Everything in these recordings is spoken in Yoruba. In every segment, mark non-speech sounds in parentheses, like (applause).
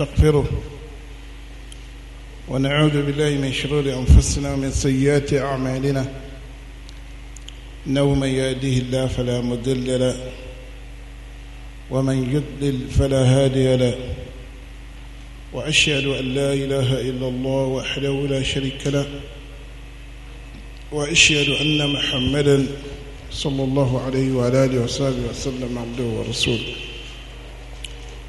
ونستغفره ونعوذ بالله من شرور أنفسنا ومن سيئات أعمالنا إنه من يهديه الله فلا مضل له ومن يضلل فلا هادي له وأشهد أن لا إله إلا الله وحده لا شريك له وأشهد أن محمدا صلى الله عليه وعلى آله وصحبه وسلم عبده ورسوله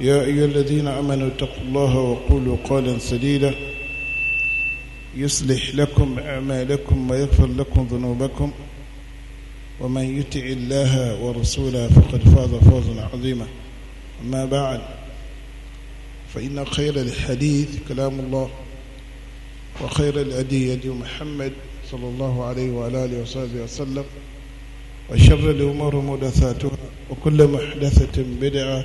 يا أيها الذين أمنوا اتقوا الله وقولوا قولا سديدا يصلح لكم أعمالكم ويغفر لكم ذنوبكم ومن يطع الله ورسوله فقد فاز فوزا عظيما أما بعد فإن خير الحديث كلام الله وخير الأدي يدي محمد صلى الله عليه وعلى آله وصحبه وسلم وشر الأمور مدثاتها وكل محدثة بدعة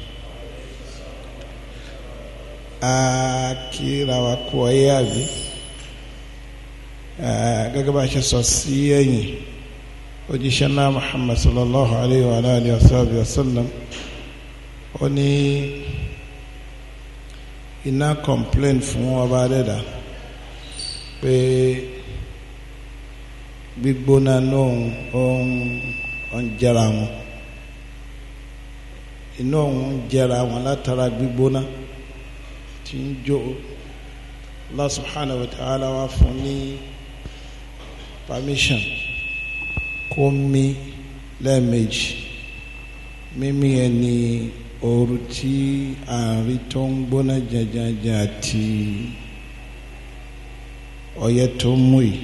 Akira wa kú ọyẹ àbí gẹ́gẹ́ bá a ṣe sọ sí Muhammad sallallahu alaihi wa alayhi wa sallam ó ní iná complain fún ọba pe pé gbígbóná náà ń jẹra wọn iná òun jẹra wọn látara gbígbóná tí ń jó Allah subhanahu wa ta'ala wá fún ní permission kó mí lẹ́ẹ̀mejì mímí yẹn ni ooru tí àárín tó ń gbóná jajaja àti ọyẹ tó mú yìí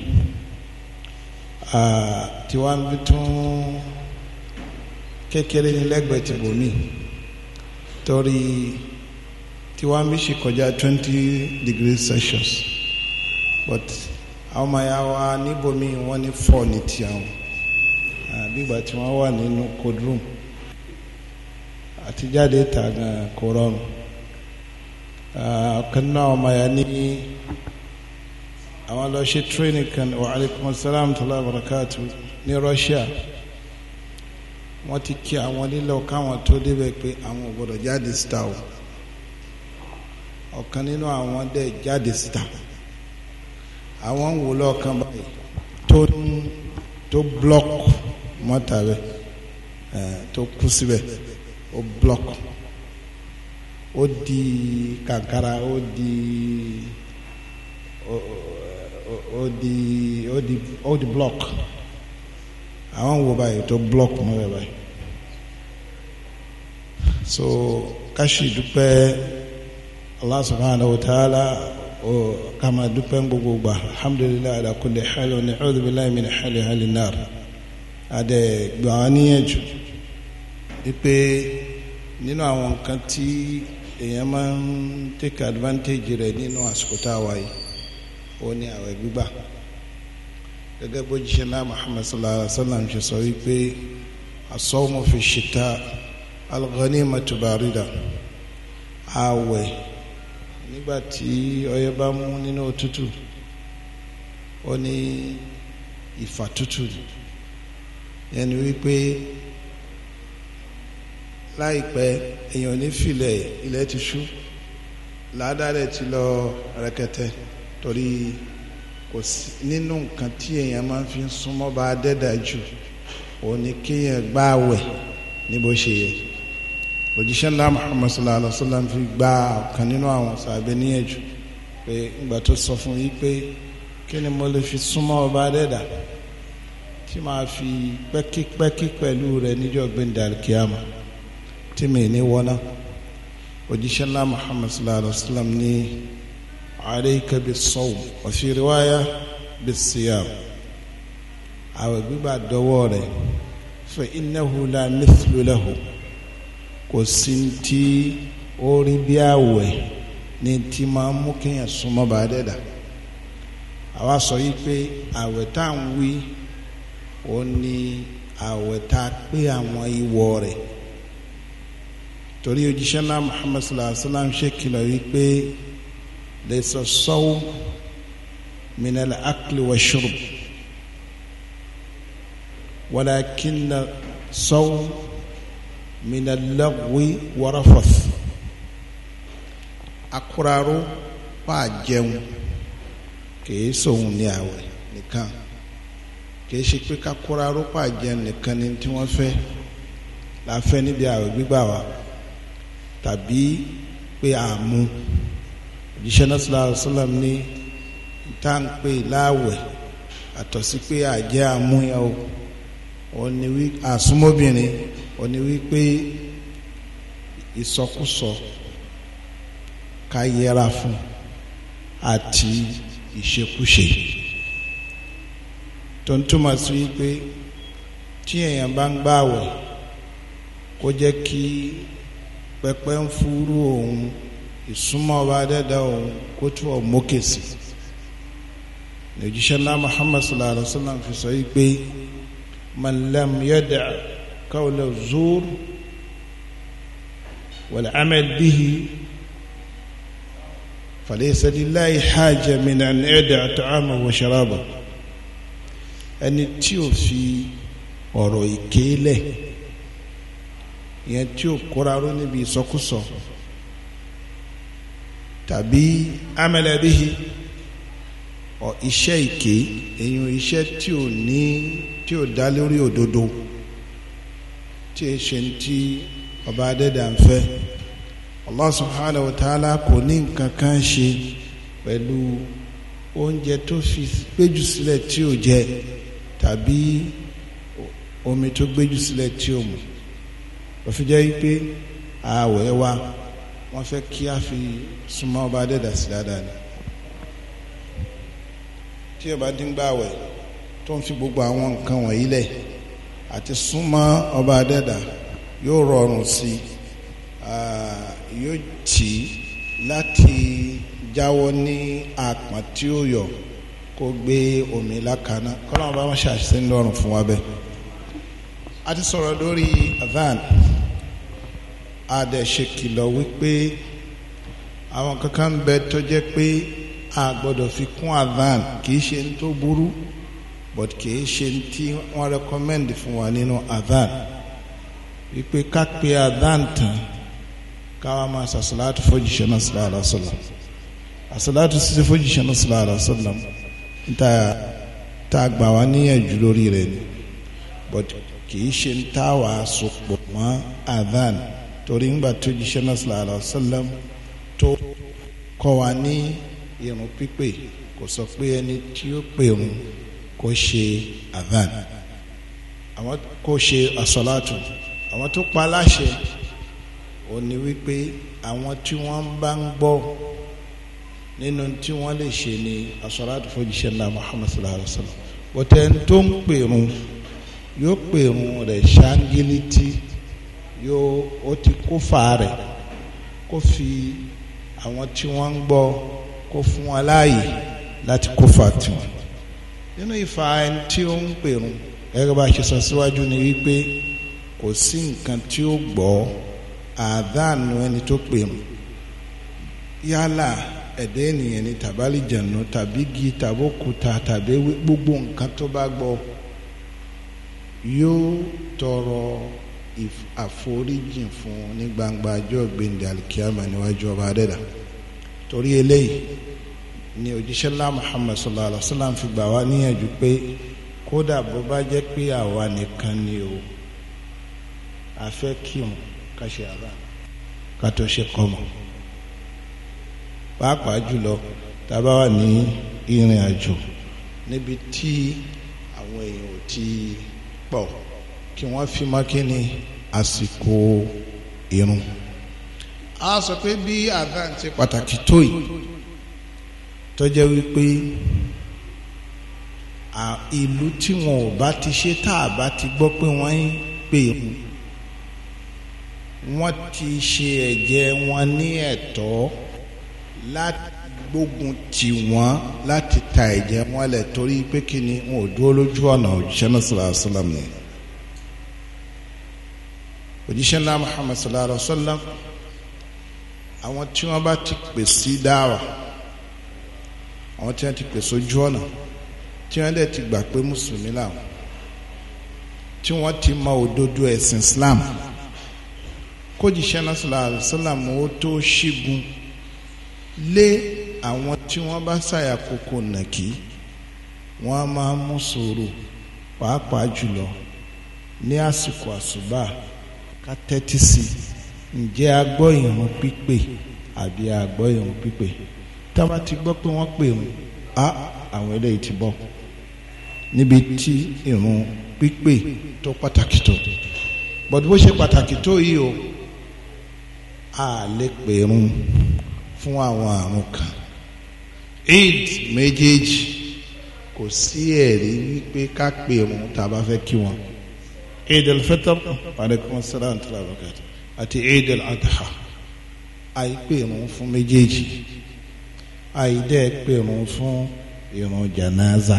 tí tún kékeré ní lẹ́gbẹ̀ẹ́ tìbò mí torí tí wọ́n bí ṣe kọjá twenty degrees celsius but àwọn ọmọ ya wa níbomi wọ́n ní four ní ti àwọn àbígbà tí wọ́n wà nínú cold room àtijáde ta gan kò rọrùn ọ̀kan náà ọmọ ya ní àwọn lọ ṣe training kan wa aleykum salaam tala barakatu ní Russia wọ́n ti kí àwọn nílò káwọn tó débẹ̀ pé àwọn ò gbọ́dọ̀ jáde star o ọ̀kan nínú àwọn dẹ̀ jáde síta àwọn ń wò lọ́ọ̀kan báyìí tó tó block mọ́tà rẹ̀ tó kú síbẹ̀ ó blọ́ọ̀kù ó di kankara ó di ó di ó di ó di blọ́ọ̀kù àwọn ń wò báyìí tó blọ́ọ̀kù mọ́ rẹ̀ báyìí so ká sì dúpẹ́. Allah subhanahu wa ta'ala ó ká máa dúpẹ́ gbogbo gbà alhamdulilayi ala kulli hal wa na'udhu billahi min hali hali nar adẹ gbà wá níyànjú wípé nínú àwọn nǹkan tí èèyàn máa ń take advantage rẹ̀ nínú àsìkò tá a wà yìí ó ní àwẹ̀ gbígbà gẹ́gẹ́ bó jíṣẹ́ náà Muhammad sallallahu alaihi wa sallam ṣe sọ wípé as-sawmu fi shita al-ghanimatu barida àwẹ̀ nígbà tí ọyẹ́ bá mú nínú òtútù ó ní ìfà tútù ẹni wípé láìpẹ́ èèyàn ní filẹ̀ ilẹ̀ ti ṣú ládàrẹ̀ ti lọ rẹ̀kẹ̀tẹ̀ torí kò sí nínú nǹkan tí èèyàn máa fi súnmọ́ bá dẹ́dà jù òun ni kéèyàn gbáwẹ̀ ní bó ṣe yẹ òjíṣẹ́ ńlá muhammad sallallahu alayhi wa sallam fi gba ọ̀kan nínú àwọn sàbẹ̀ níyànjú pé ìgbà tó sọ fún yí pé kí ni mo lè fi súnmọ́ ọba dẹ́dà tí màá fi pẹ́kípẹ́kí pẹ̀lú rẹ̀ níjọ́ gbẹ̀ndàkíyàmá tí mi ní wọ́ná òjíṣẹ́ ńlá muhammad sallallahu alayhi wa sallam ní alayka bis-sawm wa fi riwaya àwẹ̀ gbígbà dọ́wọ́ rẹ̀ fa innahu la mithlu kò sí tí ó rí bí àwẹ̀ ní tí máa mú kéèyàn súnmọ́ bá dẹ́dà àwa sọ yìí pé àwẹ̀ tá à ń wí ó ní àwẹ̀ tá a pé àwọn ìwọ rẹ̀ torí òjíṣẹ́ náà Muhammad sallallahu alayhi wa sallam ṣe kìlọ̀ wípé lè sọ sọ́wọ́ minal akli wa shurb walakin sọ́wọ́ minalagwi warafas akuraro pa jẹun kìí sòun ní àwẹ̀ pé kakuraro pa jẹun nìkan ni tí wọ́n fẹ́ la fẹ́ níbi àwẹ̀ gbígbà wa tàbí pé àmú òjíṣẹ́ náà sọlá sọlám ní tá à ń pè láàwẹ̀ àtọ̀sí pé àjẹ́ àmúyẹ̀ o òun ni wí àsúmọ́bìnrin òní wípé ìsọkúsọ ká yẹra fún àti ìṣekúṣe tó ń túmọ̀ sí wípé tí èèyàn bá ń gbààwẹ̀ kó jẹ́ kí pẹpẹ ń fúrú òun ìsúnmọ́ ọba dẹ́dá òun kó tún ọ̀ mókè sí i òjíṣẹ́ ńlá Muhammad sallallahu alayhi wa sallam fi sọ yìí pé man lam yada' قول الزور والعمل به فليس لله حاجة من أن يدع طعامه وشرابه ẹni tí ó fi ọ̀rọ̀ èké lẹ̀ ìyẹn tí ó kóra ró níbi ìsọkúsọ tàbí amẹlẹbíhi ọ iṣẹ́ èké èyàn iṣẹ́ tí ò ní tí ò dá lórí òdodo tí e ṣe ń tí ọba adẹ́dà ń fẹ́ Allah subhanahu wa ta'ala kò ní nǹkan kan ṣe pẹ̀lú oúnjẹ tó fi gbéjù sílẹ̀ tí ò jẹ tàbí omi tó gbéjù sílẹ̀ tí ò mu òfin jẹ́ wípé ààwẹ̀ wa wọ́n fẹ́ kí a fi súnmọ́ ọba adẹ́dà sí dáadáa ni tí ọba dín gbà wẹ̀ tó ń fi gbogbo àwọn nǹkan wọ̀nyí lẹ̀ àti súnmọ́ ọba adẹ́dà yóò rọrùn sí yóò tì í láti jáwọ́ ní àpọ̀n tí ó yọ kó gbé omi lákaná kọ́lọ́mù bá wọn ṣàṣìṣe ńlọrùn fún wa bẹ́ẹ̀. a ti sọ̀rọ̀ lórí avan a dẹ̀ ṣe kìlọ̀ wípé àwọn kankan bẹ tó pé a gbọ́dọ̀ fi kún avan kì í ṣe ń tó burú but kìí ṣe tí wọ́n recommend fún wa nínú adhan wípé ká pe adhan tán káwa máa ṣàṣàlátù fojìṣẹ́ náà sílá àlásọ́lá àṣàlátù sí fojìṣẹ́ náà sílá àlásọ́lá níta tá a gbà wá níyànjú lórí rẹ̀ ni but kìí ṣe ń tá a wà sopọ̀ mọ́ adhan torí ńgbà tó jíṣẹ́ náà sílá àlásọ́lá tó kọ́ wa ní irun pípé kò sọ pé ẹni tí ó pè òun kó ṣe adhan àwọn kó ṣe asọ́látù àwọn tó pa aláṣẹ ò ní wípé àwọn tí wọ́n bá ń gbọ́ nínú tí wọ́n lè ṣe ni asọ́látù fojìṣẹ́ ńlá Muhammad sallallahu alayhi wa sallam bọ́tẹ́ tó ń pèrun yóò pèrun rẹ̀ ṣáńgílítì yóò ó ti kó fa rẹ̀ kó fi àwọn tí wọ́n ń gbọ́ kó fún wọn láàyè láti kó fa tiwọn nínú ìfà ẹni tí ó ń pèrún gẹ́gẹ́ bá a ṣe sọ síwájú ni wípé kò sí nǹkan tí ó gbọ́ àdánù ẹni tó pèrún yálà ẹ̀dá ènìyàn ni tàbálì tàbí igi tàbókúta tàbí gbogbo nǹkan tó bá gbọ́ yóò tọrọ àforíjìn fún ní gbangba ọjọ́ gbẹ̀ndẹ̀ alikiyama níwájú ọba adẹ́dà torí eléyìí ni òjíṣẹ́ ńlá Muhammad sallallahu alaihi wa sallam fi gbà wá níyànjú pé kódà bó bá jẹ́ pé àwa nìkan ni o a fẹ́ kírun ká ṣe àbá ká tó ṣe kọ́mọ pàápàá jùlọ tá a bá wà ní ìrìn àjò níbi tí àwọn èèyàn ò ti pọ̀ kí wọ́n fi mọ́ àsìkò irun a sọ pé bí àdán pàtàkì tó yìí tó wípé ìlú tí wọn ò bá ti ṣe tá a bá ti gbọ́ pé wọ́n ń pè mú wọ́n ti ṣe ẹ̀jẹ̀ wọn ní ẹ̀tọ́ láti gbógun tì wọ́n láti ta ẹ̀jẹ̀ wọn lẹ̀ torí pé kí ni wọn ò dúró lójú ọ̀nà òjíṣẹ́ náà sallallahu alaihi wasallam òjíṣẹ́ náà Muhammad sallallahu alaihi àwọn tí wọ́n bá ti pè sí dáwà àwọn tí wọ́n ti pè sójú ọ̀nà tí wọ́n dẹ̀ ti gbà pé mùsùlùmí làwọn tí wọ́n ti mọ òdodo ẹ̀sìn Islam kójíṣẹ́ náà sọ̀rọ̀ àlùsọ́làm ó tó ṣígun lé àwọn tí wọ́n bá ṣàyà kókó nàkí wọ́n máa mú sòrò pàápàá jùlọ ní àsìkò àsùbà ká tẹ́tí sí ǹjẹ́ a gbọ́ ìrun àbí a gbọ́ ìrun tába ti gbọ́ pé wọ́n pè wọn á àwọn eléyìí ti bọ́ níbi tí ìrun pípé tó pàtàkì tó bọ́dú bó ṣe pàtàkì tó yìí o a lè pè irun fún àwọn àrùn kan eid méjèèjì kò sí ẹ̀rí wípé ká pè irun tá a bá fẹ́ kí wọn eid al-fitr aleykum àti eid al àìpè irun fún méjèèjì àìdẹ́ pèrún fún ìrun jànáza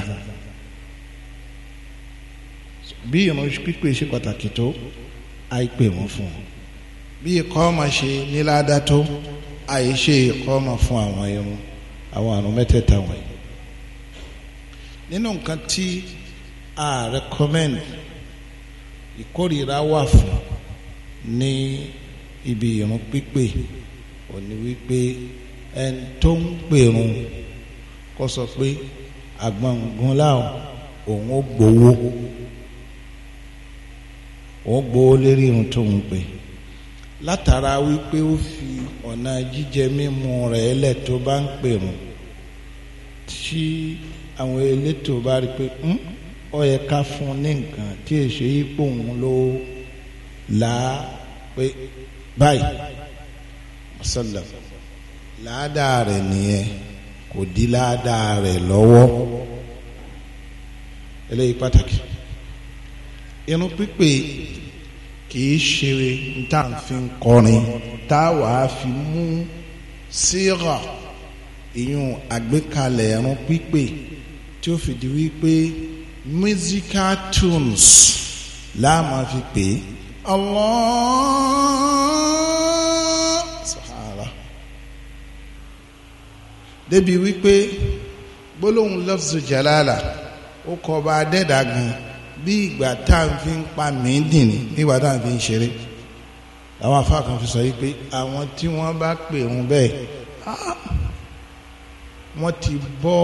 bí ìrun pípé ṣe pàtàkì tó àìpèrún fún bí ikọ́ ọmọ ṣe níláadá tó àìṣe ikọ́ ọmọ fún àwọn irun àwọn àrùn mẹ́tẹ̀ẹ̀ta wọ̀nyí nínú nǹkan tí a recommend ìkórìíra wà fún ní ibi ìrun pípé òní wípé ẹn tó ń pèrún kó sọ pé àgbọ̀ngàn láwọn òun ó gbowó òun gbowó lérí irun tó ń pè látara wípé ó fi ọ̀nà jíjẹ mímu rẹ̀ lẹ̀ tó bá ń pèrún tí àwọn elétò bá rí pé ó yẹ ká fún ní nǹkan tí èso yìí pò ń lò là á pé báyìí ládàá rẹ̀ nìyẹn kò dí ládàá rẹ̀ lọ́wọ́ eléyìí pàtàkì irun pípé kìí ṣe tá à ń fi kọrin tá a wàá fi mú síra ìyún àgbékalẹ̀ irun pípé tí ó fi di wípé musical tunes láà fi pè é. Allah. débi wípé gbólóhùn lafzu jalala ó kọ ọba adẹ́dà gan bí ìgbà tá à ń fi ń pa mìíndìn ní ìgbà tá à ń fi ń ṣeré àwọn afá kan fi sọ wípé àwọn tí wọ́n bá pè ń bẹ́ẹ̀ wọ́n ti bọ́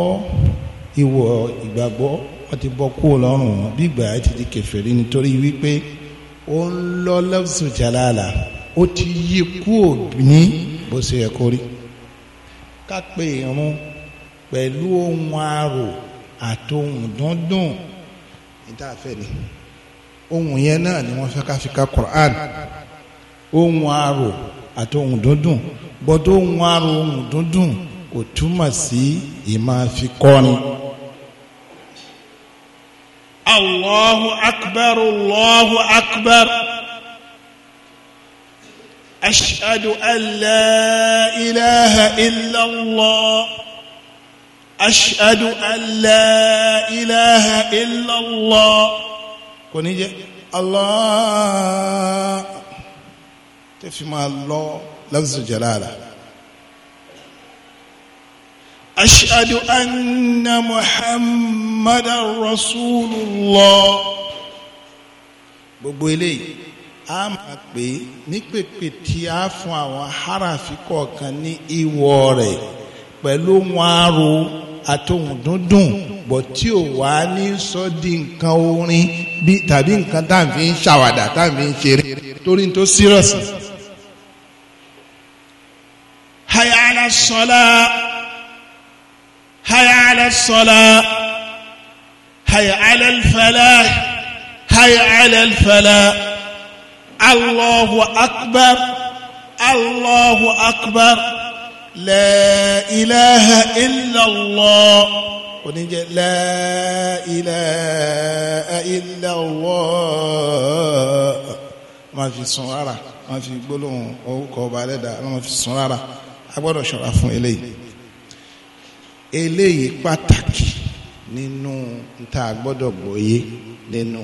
ìwọ̀ ìgbàgbọ́ wọ́n ti bọ́ kúrò lọ́rùn wọn bí ìgbà yẹn ti di kèfèrí nítorí wípé ó ń lọ lafzu jalala ó ti yí kúrò ní bó ṣe yẹ kó rí ká pe irun pẹ̀lú ohun arò àtohùn dúndùn níta fẹ́ ni ohun yẹn náà ni wọ́n fẹ́ ká fi ka Quran ohun arò àtohùn dúndùn gbọ́dọ̀ ohun arò ohun dúndùn kò túmọ̀ sí ìmáfikọ́ni. Allahu akbar Allahu akbar. أشهد أن لا إله إلا الله أشهد أن لا إله إلا الله كوني الله تفهم الله لفظ جلاله أشهد أن محمد رسول الله gbogbo eléyìí a máa pè é ní pèpè tí a fún àwọn harafi kọ̀ọ̀kan ní ìwọ̀ rẹ̀ pẹ̀lú wọn aro àtòhùn dúndùn bọ̀ tí ò wá ní sọ di nǹkan orin tàbí nǹkan tá à ń fi ń ṣàwàdà tá à ń fi ń ṣeré torí tó serious. hayya ala sọlá hayya ala sọlá hayya ala fẹlẹ hayya ala fẹlẹ. Allahu akbar Allahu akbar la ilaha illallah oníjẹ la ilaha illallah máa fi sun ara máa fi gbólóhùn orúkọ ọba alẹ́dà máa fi sun ara a gbọ́dọ̀ ṣọ́ra fún eléyìí eléyìí pàtàkì nínú níta gbọ́dọ̀ gbòye nínú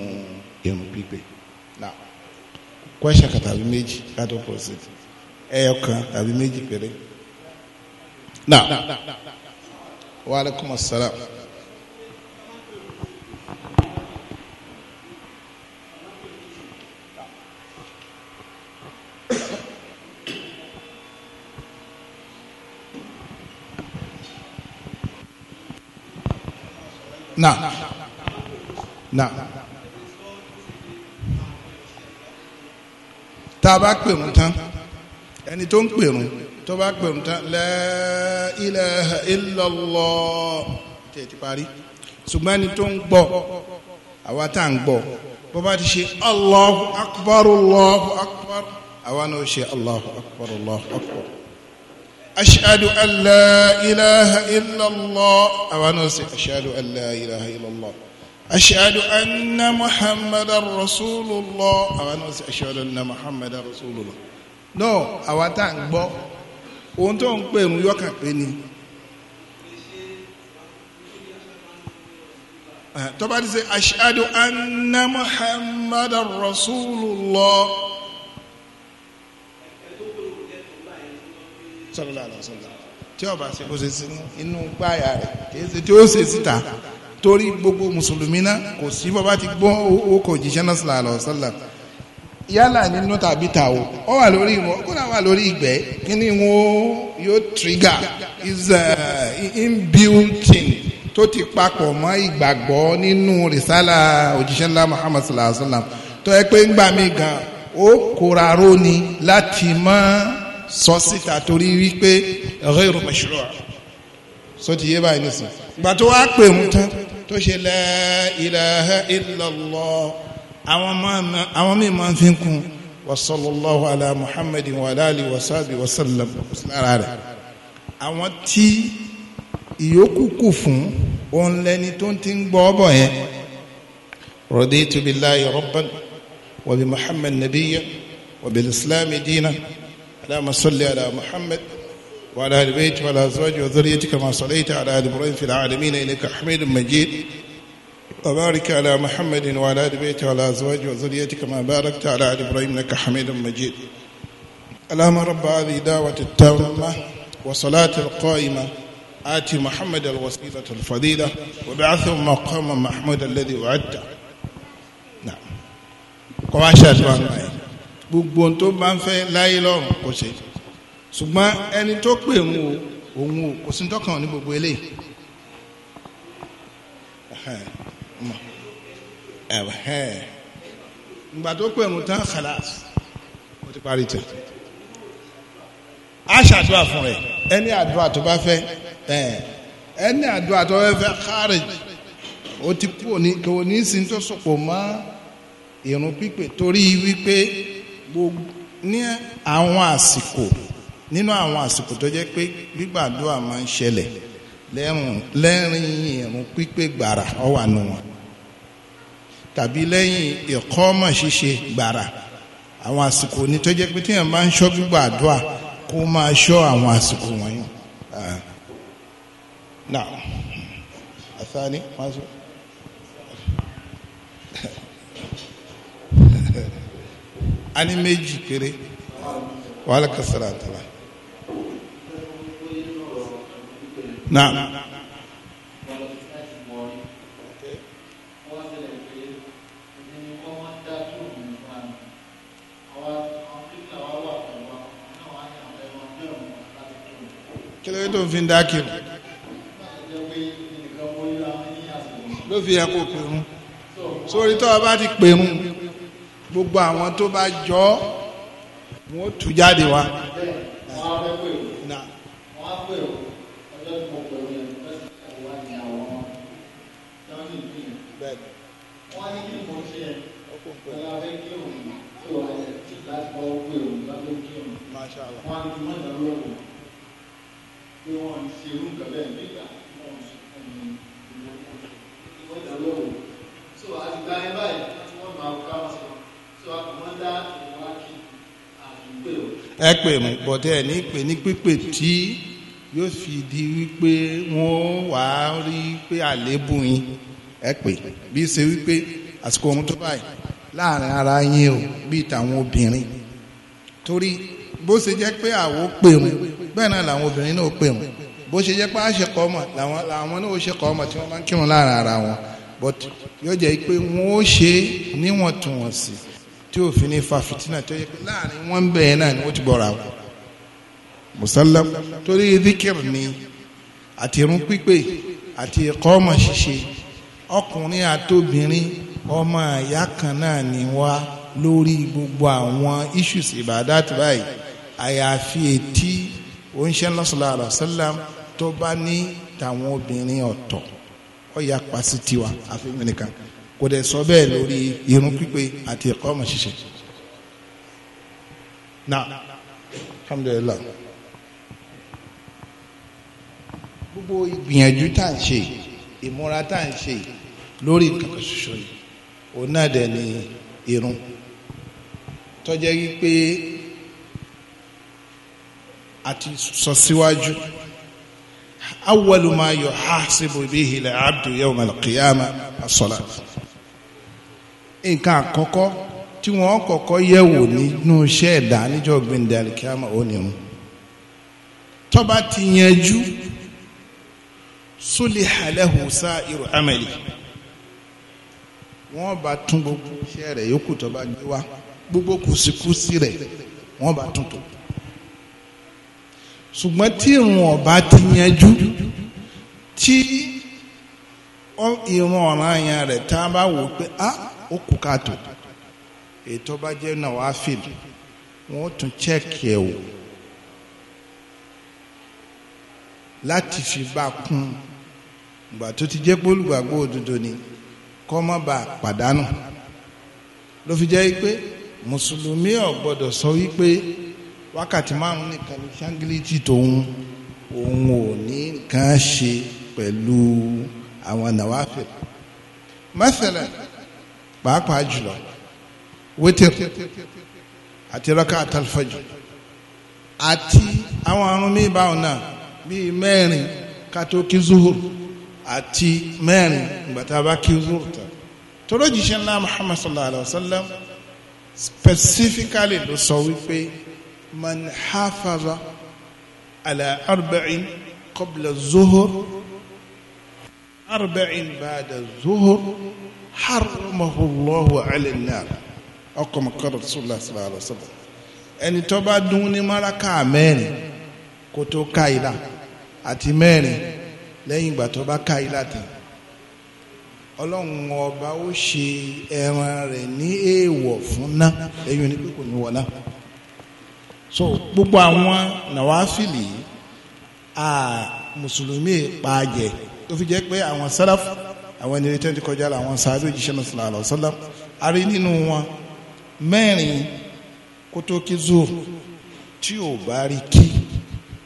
irun gbígbé kwẹ́sà tàbí méjì kátó proceed ẹyọ kan tàbí méjì péré. náà wa na. salaam. نعم نعم tá a bá pèrún tán ẹni tó ń pèrún tó bá pèrún tán la ilaha illallah tẹ̀ ti parí ṣùgbọ́n ẹni tó ń gbọ́ àwa tá à ń gbọ́ bó bá ti ṣe allahu akbar allahu akbar àwa náà ṣe allahu akbar allahu akbar ashadu an ilaha illallah àwa náà ṣe ashadu an ilaha illallah. أشهد أن محمد رسول الله àwọn náà sì أشهد أن محمد رسول الله náà àwa tá à ń gbọ́ ohun tó ń pè ń yọkàn pé ni. Eh, tó bá ti ṣe ashadu anna muhammad rasulullah sallallahu alaihi wasallam tí ó bá ṣe kó ṣe sínú inú gbáyà rẹ̀ kì í ṣe tí ó ṣe síta torí gbogbo mùsùlùmí náà kò sí bọ́bá ti gbọ́ owó kò jíṣẹ́ náà sílá àlọ́ sọ́là yálà nínú tàbí ta o ọ wà lórí wọn kó náà wà lórí ìgbẹ́ kí ni wọn yóò trigger is uh, inbuilt-in tó ti papọ̀ mọ́ ìgbàgbọ́ nínú rìsálà òjíṣẹ́ ńlá Muhammad sallallahu alayhi wa sallam tó yẹ pé ń gbà mí gan ó kóra ró ni láti mọ́ sọ síta torí wípé ghayru mashru' sọ ti yé báyìí nísìnyí gbàtó wàá pè mú tán tó ṣe la ilaha illallah àwọn míì máa ń fi kún wa sallallahu ala muhammadin wa alihi wa sahbihi wa sallam lára rẹ̀ àwọn tí ìyókù kù fún òun lẹni tó ti ń gbọ́ bọ̀ yẹn raditu billahi rabban wa muhammad nabiyya wa islam dinan ala ala muhammad. وعلى آل البيت وعلى أزواج وذريتك كما صليت على آل إبراهيم في العالمين إنك حميد مجيد وبارك على محمد وعلى آل بيته وعلى ازواج وذريتك كما باركت على آل إبراهيم إنك حميد مجيد اللهم رب هذه دعوة التامة وصلاة القائمة آتي محمد الوسيلة الفضيلة وبعثه مقاما محمودا الذي وعدته نعم كما شاء الله بوك بونتو بانفي لا يلوم كوشي ṣùgbọ́n ẹni tó pè ń wo òun o kò sí tọkàn ní gbogbo eléyìí ìgbà tó pè ń tán khalas ó ti parí tẹ̀ á ṣàdúrà fún rẹ̀ ẹni àdúrà tó bá fẹ́ ẹni àdúrà tó bá fẹ́ kárẹ̀ ó ti kú òní kò ní sí tó sọ̀pọ̀ mọ́ ìrun pípé torí wípé gbogbo ní àwọn àsìkò nínú àwọn àsìkò tó jẹ́ pé gbígbàdúrà máa ń ṣẹlẹ̀ lẹ́rìn ìrun pípé gbàrà ó wà nù wọn tàbí lẹ́yìn ìkọ́mọ̀ ṣíṣe gbàrà àwọn àsìkò ní tó jẹ́ pé téèyàn máa ń ṣọ́ gbígbàdúrà kó máa ṣọ́ àwọn àsìkò wọ̀nyí. Ah, now, Athani, what's it? kasara àtàlà. náà. kí tó ń fi ń dá kírun ló fi yẹ kó pèrún sórí tó o bá ti pèrún gbogbo àwọn tó bá jọ ọ wọn ó tú jáde wá ẹ pè mú bọ̀dẹ́ ẹ̀ ní pè ní pípè tí yóò fi di wípé wọ́n wà á rí pé àléébù yín ẹ pè bí ṣe wípé àsìkò ohun tó báyìí láàrin ara yín o bíi tàwọn obìnrin torí bó ṣe jẹ́ pé àwo pèrún bẹ́ẹ̀ náà làwọn obìnrin náà pèrún bó ṣe jẹ́ pé àṣekọ ọmọ làwọn làwọn náà ṣekọ ọmọ tí wọ́n máa ń kírun láàrin ara wọn but yóò jẹ́ pé wọ́n ó ṣe níwọ̀ntúnwọ̀nsì tí òfin ní fa fìtínà tó yẹ pé láàrin wọn bẹ́ẹ̀ náà ni wọ́n ti bọ̀ra wọn musallam torí zikir ni àti irun pípé àti ìkọ́mọ̀ ṣíṣe ọkùnrin àtobìnrin ọmọ àyá kan náà ni wá lórí gbogbo àwọn issues ibadat báyìí àyàfi etí oníṣẹ́ lọ́sọ̀lá àlọ́sálàm tó bá ní tàwọn obìnrin ọ̀tọ̀ ọ̀yà pàṣítì wa àfihàn nìkan kò dẹ̀ sọ bẹ́ẹ̀ lórí irun pípé àti ìkọ́mọ̀ ṣíṣe. na alhamdulilayi gbogbo ìgbìyànjú tá à ń ṣe ìmúra tá à ń ṣe lórí nǹkan ṣoṣo yìí òun náà dẹ̀ ni irun tọ́jẹ́ wípé àti sọ síwájú awwalu ma yuhasibu bihi al-abdu yawma al-qiyama as-salat nǹkan àkọ́kọ́ tí wọ́n kọ́kọ́ yẹ̀wò nínú iṣẹ́ ẹ̀dá níjọ́ gbẹ̀ndẹ̀ al-qiyama òun nìrun tọ́ba ti yanjú suliha lahu sa'iru amali wọ́n bá tún gbogbo iṣẹ́ rẹ̀ yòókù tó bá gbé wá gbogbo kùsìkùsì rẹ̀ wọ́n bá tún tó ṣùgbọ́n tí ìrun ọ̀bá ti yanjú tí ìrun ọ̀ranyàn rẹ̀ tá a bá wò pé a ó kù káàtó ètò bá jẹ́ náà wá fìlì wọ́n tún chẹ́ẹ̀kì ẹ̀ wò láti fi bá kún un gbà tó ti jẹ́ pé olùgbàgbọ́ òdodo ni kọ́ má bàa pàdánù ló fi jẹ́ pé mùsùlùmí ò gbọ́dọ̀ sọ wípé wákàtí márùn nìkan ní ṣáńgílítì tòun òun ò ní nǹkan ṣe pẹ̀lú àwọn nàwáfẹ̀ mẹ́sẹ̀lẹ̀ pàápàá jùlọ wétìr àti rọ́kà àtàlfàjù àti àwọn àrùn báwọn náà bíi mẹ́rin kátó kí zuhur àti mẹ́rin gbàtà bá kí zuru tán tọ́lọ́ jíṣẹ́ ńlá muhammad sallallahu alayhi wa specifically ló sọ wípé man hafaza ala arba'in qabla zuhur arba'in ba'da zuhur haramahu allahu ala nar ọkọ̀ mọ̀kọ́ rasulullah sallallahu alayhi wa sallam ẹni tó bá dún ní maraka mẹ́rin kó tó ká ìlà àti mẹ́rin lẹ́yìn ìgbà tó bá ká ilá tán ọlọ́run ọba ó ṣe ẹran rẹ̀ ní èèwọ̀ fún ná lẹ́yìn oní ní wọlá so gbogbo àwọn nàwáfìlì a mùsùlùmí pàjẹ tó fi jẹ́ pé àwọn sálàf àwọn ẹni retí ti kọjá àwọn sàábì òjíṣẹ́ náà sallallahu alaihi wasallam a rí nínú wọn mẹ́rin kótó kí zuru tí ò bá rí kí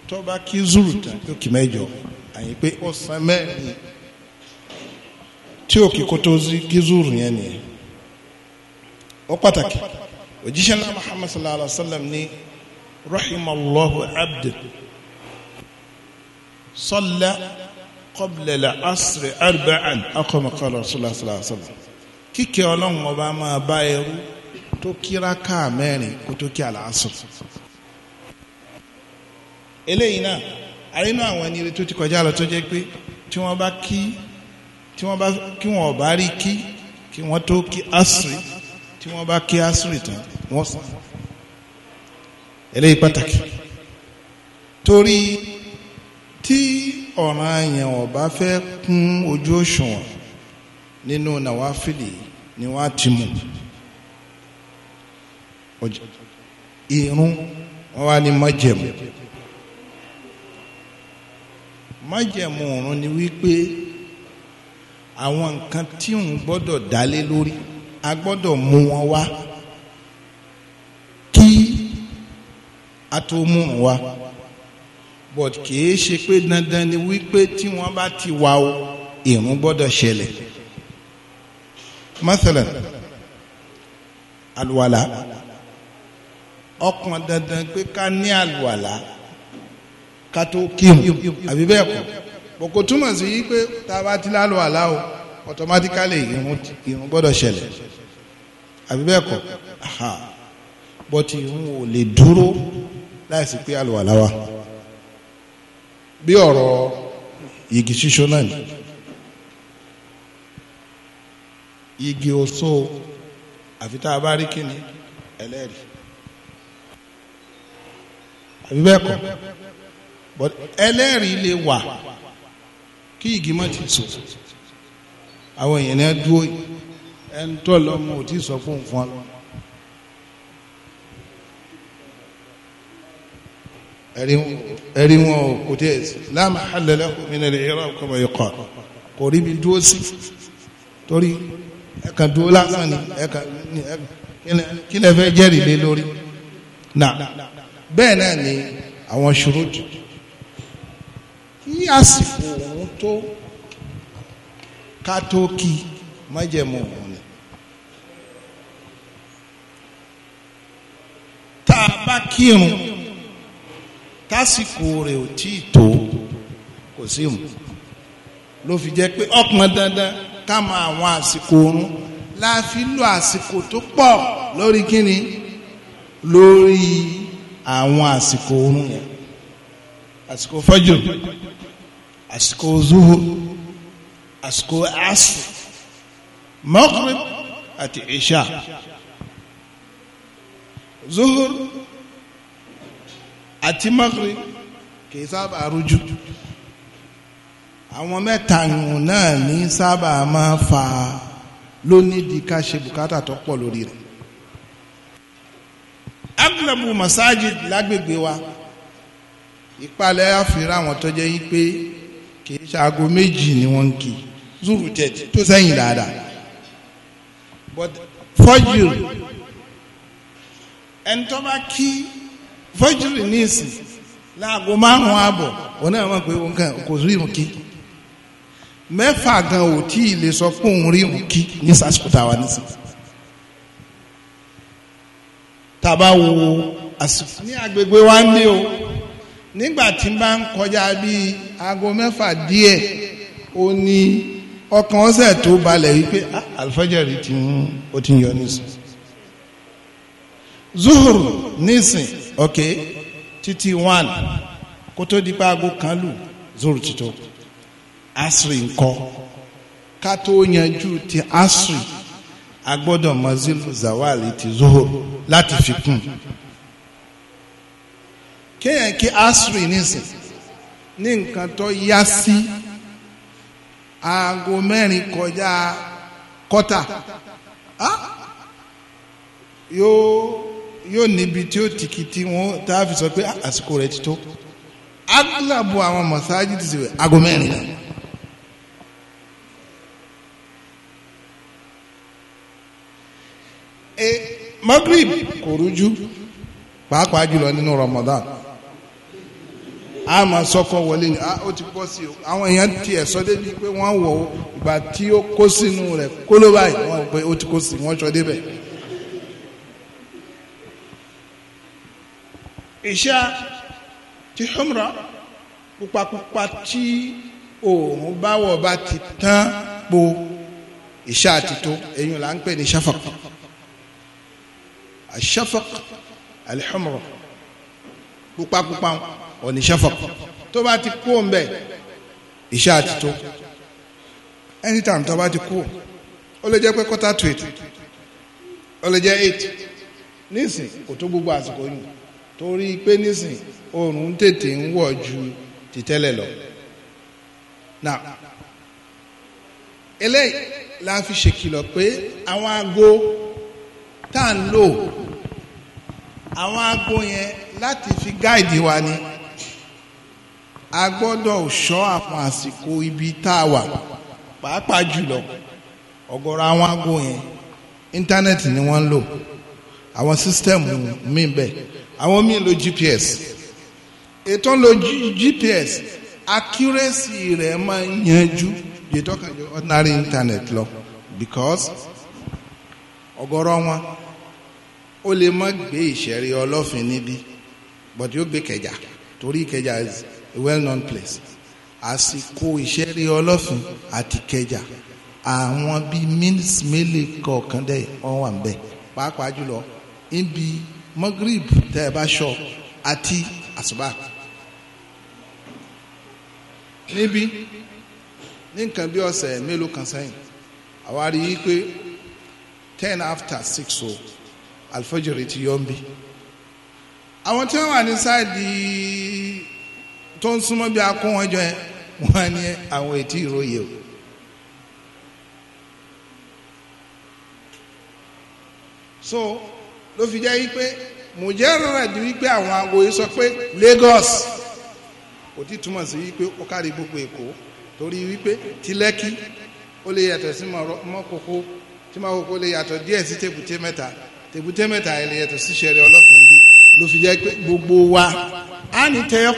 tó bá kí zuru tán yóò kí mẹ́jọ àyè pé ó san mẹ́rin tí òkè kó tó gízúrù yẹn nìyẹn ó pàtàkì òjíṣẹ́ náà muhammad sallallahu alayhi wa sallam ní rahimallahu abd salla qabla al-asri arba'an akọ̀mọ̀ kọ́lá sallallahu alayhi wa sallam kíkẹ́ ọlọ́run ọba máa bá ẹrú tó kíra káà mẹ́rin kó tó kí àlàásùn eléyìí náà àrínú àwọn ẹni tó ti kọjá lọ tó jẹ́ pé tí wọ́n bá kí tí wọ́n bá kí wọ́n ọ̀bá rí kí kí wọ́n tó kí asiri tí wọ́n bá kí asiri tán wọ́n sàn eléyìí pàtàkì torí tí ọ̀ràn àyàn ọ̀bá fẹ́ kún ojú òṣùwọ̀n nínú nàwáfìlì ni wọ́n á ti mú irun wọ́n wá ní májẹ̀mú májẹ̀mú ọ̀run ni wípé àwọn nǹkan tí òun gbọ́dọ̀ dálé lórí a gbọ́dọ̀ mú wọn wá kí a tó mú wọn wá but kìí ṣe pé dandan ni wípé tí wọ́n bá ti wá o ìrun gbọ́dọ̀ ṣẹlẹ̀ mathalan àlùwàlà ọkàn dandan pé ká ní àlùwàlà ká tó kírun àbí bẹ́ẹ̀ kọ́ bọ̀ kò túmọ̀ sí pé tá a bá ti lálọ́ àlá o automatically irun gbọ́dọ̀ ṣẹlẹ̀ àbí bẹ́ẹ̀ kọ́ bọ́tí irun ò lè dúró láìsí pé àlùwàlá wa bí ọ̀rọ̀ igi ṣíṣó náà ni igi oṣó àfi tá a bá rí kíni ẹlẹ́rìí àbí bẹ́ẹ̀ kọ́ but ẹlẹ́rìí lè wà kí igi má ti so àwọn èèyàn náà dúró ẹni tó lọ́mọ ò tí sọ fún fún ọ. ẹ̀rí wọn ò kò tí ẹ̀ sí láàmà halẹ̀lẹ̀ òmìnira rẹ̀ yọrọ kọmọ kò rí mi dúró sí torí ẹ̀ka dúró lásán ni ẹ̀ka kí lè fẹ́ jẹ́rìí lé lórí. bẹ́ẹ̀ náà ni àwọn ṣòro tuntun kí àsìkò òun tó ká tó kí májẹ̀mú òun ni. tá a bá kírun tásìkò rẹ̀ ò tí ì tó kò sí mu ló fi jẹ́ pé ọ̀pọ̀ dandan ká mọ àwọn àsìkò oorun la fi lo àsìkò tó pọ̀ lórí kíni lórí àwọn àsìkò oorun yẹn àsìkò fajr àsìkò zuhur àsìkò asr maghrib àti isha zuhur àti maghrib kìí sábà rújú àwọn mẹ́ta yòó náà ní sábà máa fa lónídìí ká ṣe bùkátà tó pọ̀ lórí rẹ̀ aglabu masajid lágbègbè wa ìpalẹ̀ àfihàn àwọn tó jẹ́ yí pé kì í ṣaago méjì ni wọ́n ń kì zuru tẹ̀ tó sẹ́yìn dáadáa but fọ́jìrì ẹni tó bá kí fọ́jìrì ní ìsìn láago márùn-ún ààbọ̀ òun náà mọ̀ pé nǹkan kò rí irun kí mẹ́fà gan ò tí ì lè sọ pé òun rí irun kí ní sásìkò táwa nísìn tá a bá wo àsìkò ní agbègbè wa ń lé o nígbà tí n bá ń kọjá bíi aago mẹ́fà díẹ̀ ó ní ọkàn ọ̀sẹ̀ tó balẹ̀ wípé ah, alfajari ti ń ó ti ń yọ nísìn zuhur nísìn ok títí one kó tó di pa aago kan lù zuhur ti asri ńkọ ká tó yanjú ti asri agbọ́dọ̀ mọ zawali ti zuhur láti fi kún un kéèyàn kí asri nísìn ní nǹkan tó yá sí aago mẹ́rin kọjá kọ́tà yóò yóò níbi tí ó tìkì tí wọn tá a fi sọ pé àsìkò rẹ ti tó aglabu àwọn mọ̀sáájì ti sèwé aago mẹ́rin náà. magrib kò rújú pàápàá jùlọ nínú Ramadan a máa sọ́kọ́ wọlé ni ó ti bọ́ sí o àwọn èèyàn tiẹ̀ sọ débi pé wọ́n wọ̀ ó ìgbà tí ó kó sínú rẹ̀ kó ló báyìí wọ́n pé ó ti kó sí wọ́n sọ débẹ̀. ìṣá ti humra pupapupa tí oòrùn bá bá ti tán po ìṣá ti tó eyín là ń pè ní shafaq ashafaq alhumra pupapupa oníṣẹ́fọ̀ tó bá ti kú òun bẹ̀ iṣẹ́ àti anytime tó bá ti kú ó lè jẹ́ pé quarter to eight ó lè jẹ́ eight nísìn kò tó gbogbo àsìkò yìí torí pé nísìn oòrùn tètè ń wọ̀ ju ti tẹ́lẹ̀ lọ. now eléyìí la fi ṣèkìlọ̀ pé àwọn aago tá à ń lò àwọn aago yẹn láti fi gáìdì wa ni. a gbọ́dọ̀ ṣọ́ àwọn àsìkò ibi tá a wà pàápàá jùlọ ọ̀gọ̀rọ̀ àwọn aago yẹn ni wọ́n ń lò àwọn sísítẹ́ẹ̀mù míì bẹ́ẹ̀ àwọn míì lo GPS ètò lo GPS accuracy rẹ̀ máa ń yanjú ètò kan ordinary internet lọ because ọ̀gọ̀rọ̀ wọn ó lè má gbé ìṣẹ̀rí ọlọ́fin níbí but yóò gbé kẹjà torí kẹjà a well known place àsìkò ìṣeré ọlọ́fin àti kẹjà àwọn bíi mins mélòó kọ̀ọ̀kan dẹ̀ wọ́n wà ń bẹ̀ pàápàá jùlọ níbi magrib tẹ́ ẹ bá ṣọ àti àṣùbà níbi ní nǹkan bí ọ̀sẹ̀ mélòó kan sẹ́yìn àwa rí i pé ten after six o alfajiri ti yọ̀ ń bí àwọn tí wọ́n wà ní sáà di tó ń súnmọ́ bí akó wọn jọ yẹn wọ́n á àwọn ètí ìròyìn o. so ló fi jẹ́ wípé mo jẹ́ rárá di wípé àwọn agoye sọ pé Lagos kò tí túmọ̀ sí wípé ó kárí gbogbo Èkó torí wípé ti Lẹ́kí ó lè yàtọ̀ sí mọ́kòkò tí mọ́kòkò lè yàtọ̀ díẹ̀ sí tèbúté mẹ́ta tèbúté mẹ́ta ẹ̀ lè yàtọ̀ sí sẹ̀rẹ̀ ọlọ́fin bí ló fi jẹ́ pé gbogbo wa á ní tẹ́yọ́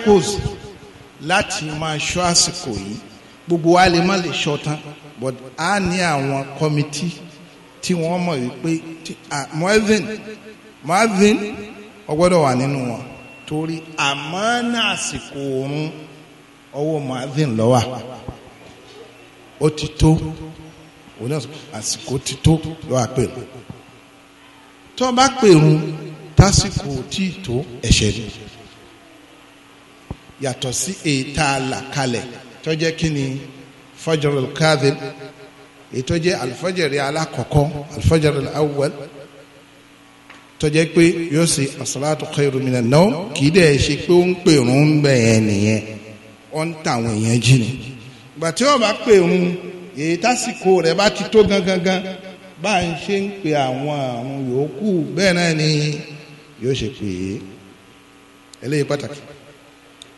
láti máa ṣọ́ àsìkò yìí gbogbo wa lè má lè ṣọ́ tán but a ní àwọn kọ́mítì tí wọ́n mọ̀ wípé muevin muevin ọgbọ́dọ̀ wà nínú wọn torí àmọ́ náà àsìkò oorun ọwọ́ muevin lọ́wọ́ ó ti tó àsìkò ti tó lọ́wọ́ àpèrè tó bá pèrún tásìkò tí tó ẹ̀ṣẹ̀ ni yàtọ̀ sí ètà àlàkalẹ̀ tó jẹ́ kí ni fajrul kadhib ètò jẹ́ alifajari alakọ̀kọ́ alifajari awwal tó jẹ́ pé yóò ṣe as-salatu khairu minan nawm kì í dẹ̀ ṣe pé ó ń pè ń bẹ̀ ẹ̀ nìyẹn ó ń tàwọn èèyàn jí ni gbà tí wọ́n bá pè ń èyí tásìkò rẹ̀ bá ti tó gangan gan bá ń ṣe ń pe àwọn àrùn yòókù bẹ́ẹ̀ náà ni yóò ṣe pè é eléyìí pàtàkì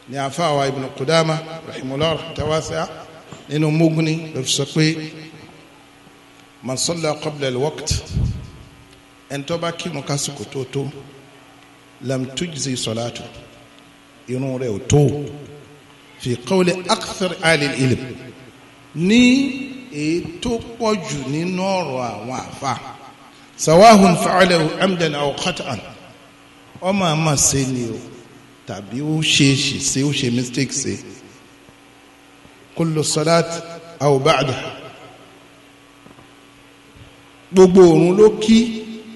ní àfáàwá Ibn Qudama rahimahullah tawasa nínú Mughni ló sọ pé man salla qabla al-waqt ẹni tó bá kírun kásìkò tó tó lam tujzi salatu irun rẹ̀ ò tó fi qawli akthar alil ilm ní èyí tó pọ̀ jù nínú ọ̀rọ̀ sawahun fa'alahu amdan aw khata'an ọmọ àmà sẹ́ni o tàbí ó ṣe ṣìṣe ó ṣe mistake ṣe kullu salat aw ba'da gbogbo òrun ló kí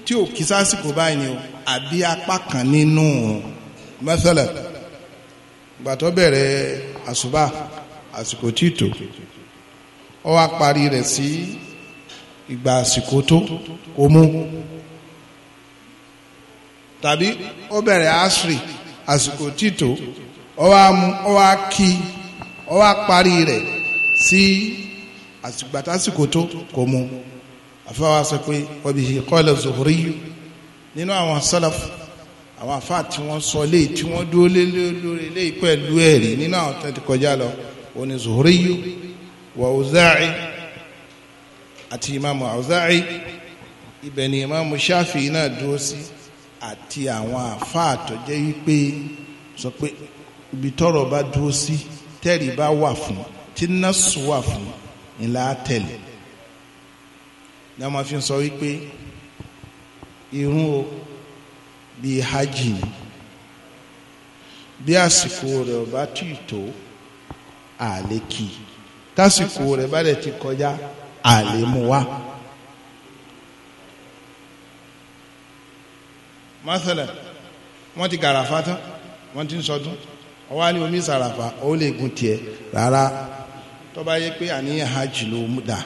tí ò kí sásìkò báyìí ni o àbí apá kan nínú mẹsàlẹ gbàtọ bẹ̀rẹ̀ àṣùbà àsìkò tí ọ wá parí rẹ̀ sí ìgbà àsìkò tó kò mú tàbí ó bẹ̀rẹ̀ àṣírí àsìkò títò ọ wá kí ọ wá parí rẹ̀ sí àsìgbà tásìkò tó kò mu àfáwá sọ pé ọbì qala Zuhri nínú àwọn salaf àwọn afá tí wọ́n sọ léyìí tí wọ́n dúró lé lórí léyìí pẹ̀lú ẹ̀rí nínú àwọn tó ti kọjá lọ òun ni Zuhri wa Auza'i àti imaamu Auza'i ibẹ̀ ni imaamu Shafi'i náà dúró sí àti àwọn àfáà tó jẹ́ wípé sọ pé ibi tọ́rọ̀ bá dúró sí tẹ́rì bá wà fún tí nọ́ọ̀sì wà fún ńlá tẹ̀lé ni a máa fi sọ wípé irun o bíi hajj ni bí àsìkò rẹ̀ ò bá tó àlékì tásìkò rẹ̀ bá dẹ̀ ti kọjá àlémú mọ́sálẹ̀ wọ́n ti gàràfà tán wọ́n ti ń sọdún ọwọ́ ni omi sàràfà ó lè gun tiẹ̀ rárá tó bá yẹ pé àníyàn hajj ló mú dà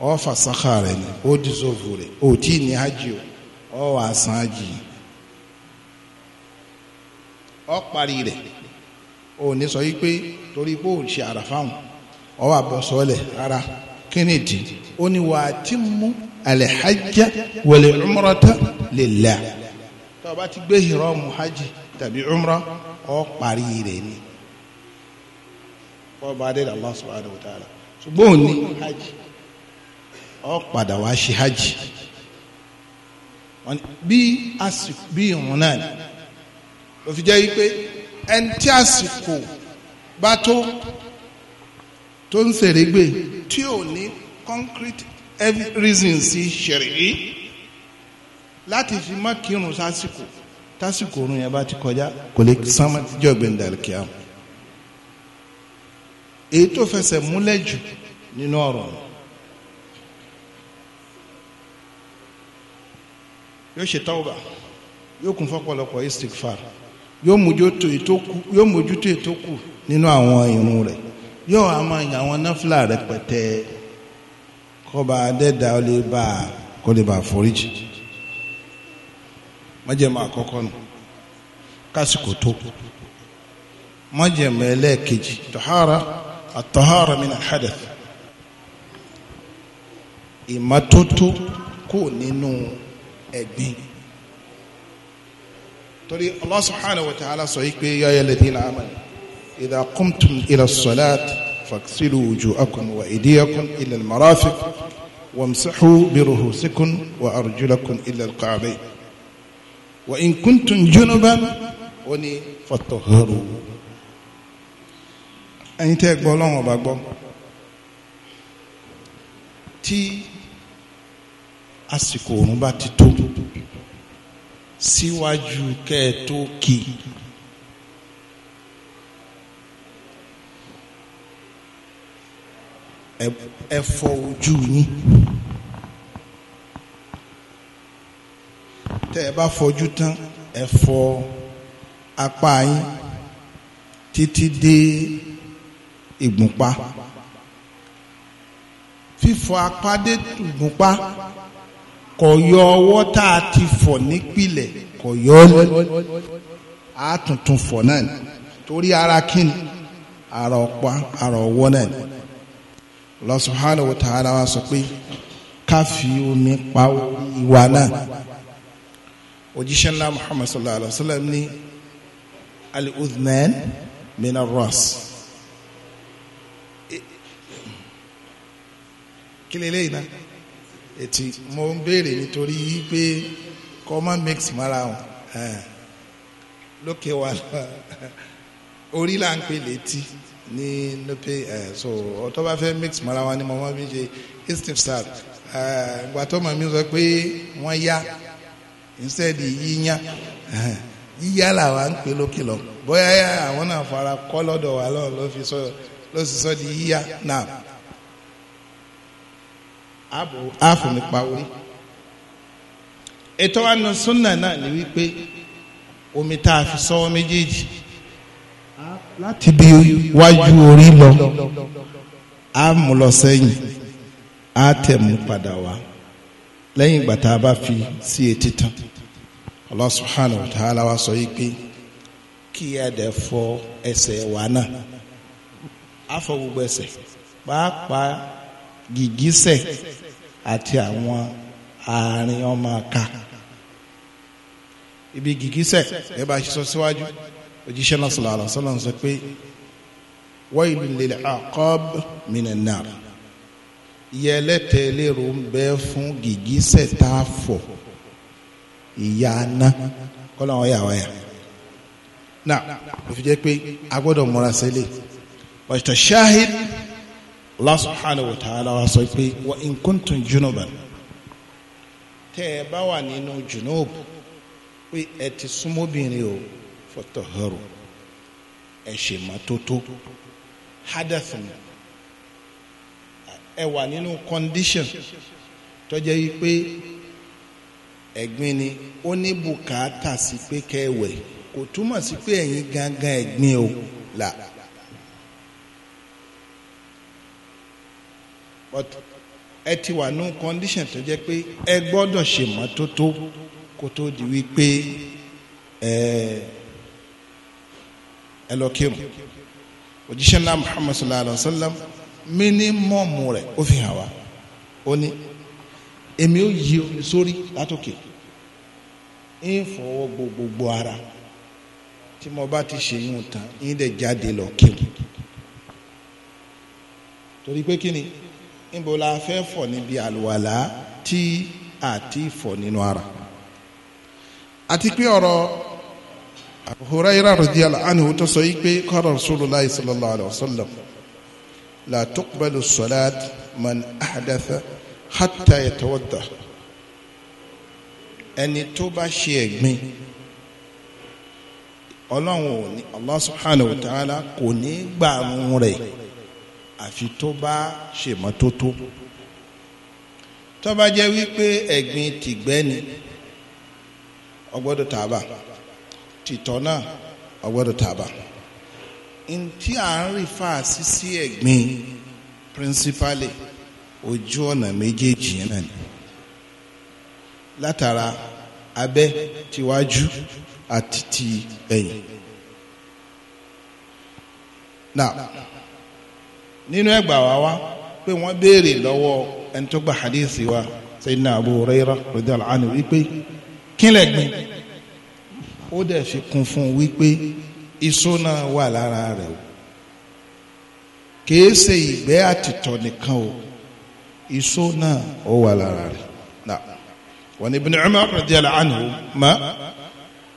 ọ fàṣàkà rẹ ni ó dìsòfò rẹ ò tí ì ní hajj o ọ wà sàn hajj ọ parí rẹ ò ní sọ yí pé torí pé ò ṣe àràfà wọn ọ wà bọ sọlẹ̀ rárá kí ni ìdí ó ní wàá tí mú alẹ́ hajj wal umrata lillah tó o bá ti gbé hìrọ́ọ̀mù hajj tàbí umra ọ parí rẹ̀ ni wọ́n bá dé Allah subhanahu wa ta'ala ṣùgbọ́n ò ní hajj ọ padà wá ṣe hajj bí àsìkò bí ìrun náà ni ló fi jẹ́ wípé ẹni tí àsìkò bá tó tó ń ṣèrègbè tí ò ní concrete reasons sí ṣèrègbè láti fi mọ́ kírun sásìkò tásìkò òrùn yẹn bá ti kọjá kò lè sánmọ tíjọ gbẹndàlì kíá èyí tó fẹsẹ̀ múlẹ̀ jù nínú ọ̀rọ̀ yóò ṣe tawba yóò kún fọ́pọ̀lọpọ̀ istikfar yóò mójútó ètò kù nínú àwọn irun rẹ̀ yóò wá máa yàn àwọn náfìlà rẹpẹtẹ kọba adẹ́dàá ó lè bá a kó lè bá a foríjì. májẹ̀mọ́ àkọ́kọ́ nù kásìkò tó májẹ̀mọ́ ẹlẹ́ẹ̀kejì tọ́hárà àtọ́hárà min al-hadath ìmọ́tótó kò nínú ẹ̀gbin torí Allah subhanahu wa ta'ala sọ yìí pé ya ayyuhalladhina amanu idha qumtum ila as-salati faghsilu wujuhakum wa aydiyakum ila al-marafiq wamsahu bi ruhusikum wa arjulakum ila al-ka'bayn. wa in kuntum junuban ó ní fatahharu ẹ̀yin tẹ́ gbọ́ Ọlọ́run ọba gbọ́ tí àsìkò òun bá ti tó síwájú kẹ́ ẹ ki. kí ẹ fọ ojú yín. tẹ́ ẹ bá fọjú tán ẹ fọ apá yín títí dé ìgbùnpá fífọ apá dé ìgbùnpá kò yọ ọwọ́ tá a ti fọ̀ nípìlẹ̀ kò yọ ọ́ á tuntun fọ̀ náà ni torí ara kíni ara ọ̀pá ara ọwọ́ náà ni Allah subhanahu wa ta'ala wa sọ pé ká fi omi pa ìwà náà òjíṣẹ́ ńlá muhammad sallallahu alayhi wa sallam ní al-udhman min ar-ras e, kí lélẹ́yìn náà ètì mo ń béèrè nítorí pé common mix mara wọn lókè wà orí là ń pè létí ní lópè so ọtọ́ bá fẹ́ mix mara wọn ni mo máa fi ṣe istifsar ìgbà tó mọ̀ mi sọ pé wọ́n yá instead yíyan yíyá làwa ń pè lókìlọ bóyá àwọn náà fara kọ́ lọ́dọ̀ wa lọ́rùn ló fi sọ ló sì sọ di yíyá náà ààbò àfùnìpa orí ètò wa nù súnà náà ni wípé omi tá a fi sọ́wọ́ méjèèjì láti bí wájú orí lọ a mú lọ sẹ́yìn a tẹ̀ mú padà wá lẹ́yìn ìgbà tá a bá fi sí etí tán. Allah subhanahu wa ta'ala wa sọ yìí pé kí a dẹ̀ fọ ẹsẹ̀ wa náà a fọ gbogbo ẹsẹ̀ pàápàá gìgísẹ̀ àti àwọn àárín ọmọ àka ibi gìgísẹ̀ ẹ bá ṣe sọ síwájú òjíṣẹ́ náà sallallahu alaihi wasallam sọ pé wailul lil aqab minan nar ìyẹlẹ́tẹ̀ẹ́lẹ́rò ń bẹ fún gìgísẹ̀ tá a fọ̀ ìyá aná kọ́lá wọn yà wáyà náà òfin jẹ́ pé a gbọ́dọ̀ múra sílẹ̀ wàtò shahid Allah subhanahu wa ta'ala wa sọ pé wa in kuntum junuban tẹ́ ẹ bá wà nínú junub pé ẹ ti súnmọ́bìnrin o fọtọ̀hẹ́rù ẹ ṣe mọ́tótó hadathun ẹ wà nínú condition tó jẹ́ yìí pé ẹ̀gbin ni ó ní bùkátà sí pé kẹwẹ̀ kò túmọ̀ sí pé ẹ̀yin gangan ẹ̀gbin o là. but ẹ ti wà ní condition tó jẹ́ pé ẹ gbọ́dọ̀ ṣe mọ́tótó kó tó di wípé ẹ ẹ lọ kírun òjíṣẹ́ náà Muhammad sallallahu alayhi wa sallam mínímọ̀mù rẹ̀ ó fi hàn wá ó ní èmi ó yí omi sórí látòkè ń fọwọ́ gbogbo ara tí mo bá ti ṣe yún tán ń dẹ̀ jáde lọ kéwù torí pé kí ni níbo la fẹ́ fọ̀ níbi àlùwàlá tí àti fọ̀ nínú ara àti pé ọ̀rọ̀ Abu Hurairah radiyallahu anhu tó sọ yìí pé qala Rasulullahi sallallahu alaihi wasallam la tuqbalu salat man ahdatha hatta yatawadda ẹni tó bá ṣe ẹ̀gbin ọlọ́run ò ní allah subhanahu wa ta'ala kò ní gbàrún rẹ̀ àfi tó bá ṣèmọ́tótó tó bá jẹ́ wípé ẹ̀gbin tìgbẹ́ni ọgbọ́dọ̀ tààbà tìtọ̀ náà ọgbọ́dọ̀ tààbà n à ń rí fàásì sí ẹ̀gbin principally ojú ọ̀nà méjèèjì yẹn náà ni látara abẹ́ tiwájú àti ti ẹ̀yìn. Now, nínú ẹgbà wa wá pé wọ́n béèrè lọ́wọ́ ẹni tó gba hadithi wa Sayyidina Abu Hurairah radiyallahu anhu wípé kílẹ̀ gbin ó dẹ̀ fi kún fún wípé iṣó náà wà lára rẹ̀ o kìí ṣe ìgbẹ́ àtìtọ̀ nìkan o iṣó náà ó wà lára rẹ̀ na wọn ibn Umar radiyallahu anhu ma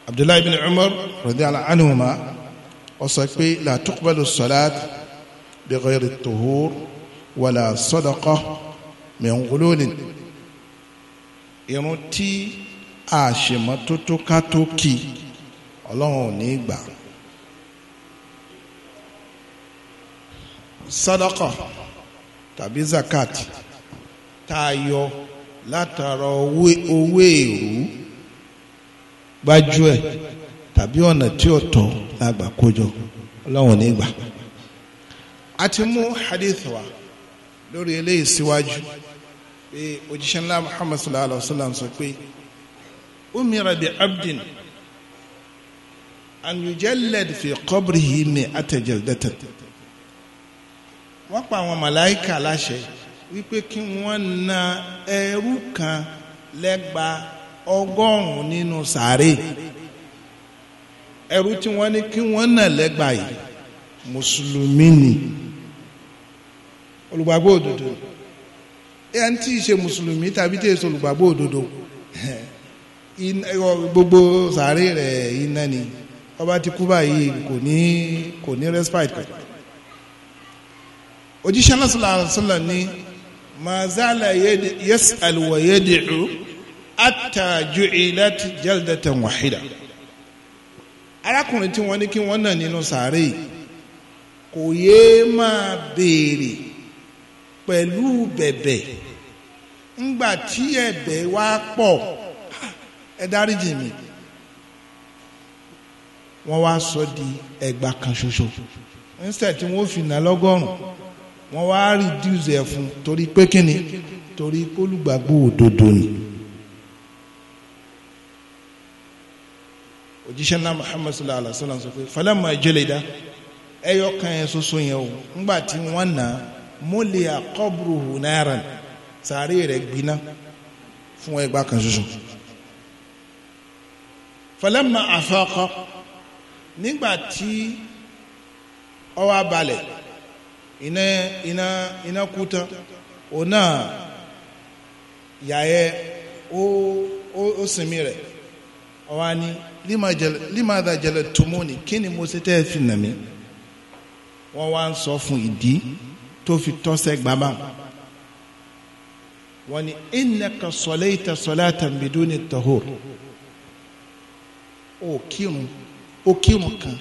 Abdullahi ibn Umar radiyallahu anhu ma ó sọ pé la tuqbalu salat bi ghayri tuhur wala sadaqah min ghululin irun tí àṣemọ́tótó ká tó kì ọlọ́run ò ní gbà. sadaka tàbí zakat tá a yọ látara owó èrú gbájú ẹ̀ tàbí ọ̀nà tí ó tọ́ lágbà kójọ ọlọ́run nígbà. a ti mú hadith wa lórí eléyìí síwájú pé òjíṣẹ́ ńlá muhammad sallallahu alaihi wa sallam sọ pé umira bi abdin an yujallad fi qabrihi mi'ata jaldatan wọ́n pa àwọn màláìka láṣẹ yìí wípé kí wọ́n na ẹrú kan lẹ́gba ọgọ́rùn-ún nínú sàárè ẹrú tí wọ́n ní kí wọ́n nà lẹ́gba yìí mùsùlùmí ni olùgbàgbọ́ òdodo ẹ ń tí ì ṣe mùsùlùmí tàbí tí ì ṣe olùgbàgbọ́ òdodo (laughs) gbogbo sàárè rẹ̀ iná ni ọba ti kú báyìí kò ní kò ní respite òjíṣẹ́ náà sallallahu alaihi wasallam ma zala yas'al wa yad'u atta ju'ilat jaldatan wahida arakunrin tí wọn ní kí wọn náà nínú sàárè kò yéé máa béèrè pẹ̀lú bẹ̀bẹ̀ ńgbà tí ẹ̀bẹ̀ wá pọ̀ ẹ dáríjì mi di ẹgbà kan ṣoṣo instead tí wọn fi nà wọ́n wá reduce ẹ̀ fún torí pé torí kólùgbàgbọ́ òdodo ni. òjíṣẹ́ náà muhammad sallallahu alaihi wa sallam sọ pé ẹyọ kan yẹn soso yẹn o ńgbà tí wọ́n nà mọ́lẹ̀ àkọ́bùrù hùnáàrà sàárè rẹ̀ gbiná fún ẹgbà kan ṣoṣo. falama nígbà tí Ina ina ina kuta tán òun o o yẹ ó ó sinmi lima ọ̀wá ni límàdà jẹlẹ tòmó ni kí ni mo ṣe tẹ́ ẹ fi nà mí wọ́n wá ń sọ fún ìdí tó fi tọ́sẹ̀ gbàmà wọ́n ni innaka salaita salatan bidun tahur o kírun o kírun kan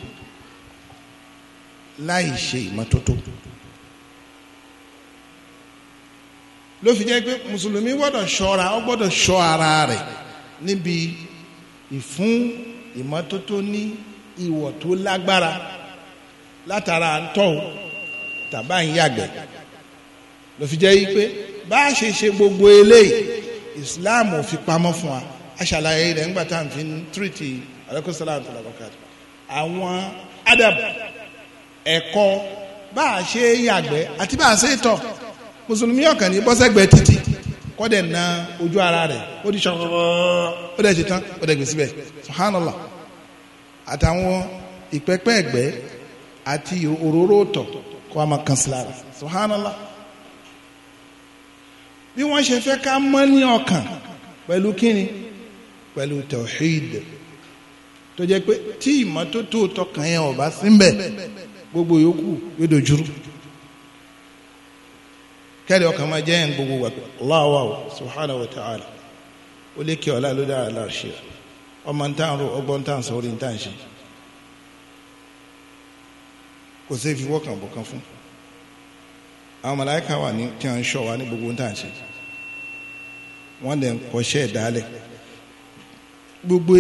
láì ṣe ìmọ́tótó. ló fi jẹ́ pé mùsùlùmí gbọ́dọ̀ ṣọ́ra ó gbọ́dọ̀ ṣọ́ ara rẹ̀ níbi ìfún ìmọ́tótó ní ìwọ̀ tó lágbára látara ntọ́wò tàbá ń yàgbẹ́ ló fi jẹ́ yí pé bá a ṣe ṣe gbogbo eléyìí Islam ò fi pamọ́ fún wa aṣàlàyé rẹ̀ ńgbà tá à ń fi tírìtì alẹ́kùsọ́lá àti làbàkàtà àwọn adab ẹ̀kọ́ bá a ṣe yàgbẹ́ àti bá a ṣe tọ̀ mùsùlùmí ọ̀kan ní bọ́sẹ̀gbẹ́ títì kọ́dẹ̀ na ojú ara rẹ̀ ó di sọ́kọ́ ó dẹ̀ ṣe tán ó dẹ̀ gbé síbẹ̀ subhanallah àtàwọn ìpẹ́pẹ́ ẹ̀gbẹ́ àti òróró tọ̀ kó a máa kan sí lára subhanallah bí wọ́n ṣe fẹ́ ká mọ́ ní ọkàn pẹ̀lú kíni pẹ̀lú tawhid tó jẹ́ pé tí ìmọ́tótó tọkàn yẹn ò bá síbẹ̀ gbogbo yòókù yóò dojúrú. kẹ́rì ọkàn máa jẹ́ ẹ̀yìn gbogbo wa láwa o subhanahu wa ta'ala ó lékè ọ̀la ló dára láṣẹ ọmọ ń ro ọgbọ́n ń tàn sọ ṣe kan fún àwọn malaika wa ní gbogbo ń ṣe wọ́n lè kọ́ṣẹ́ gbogbo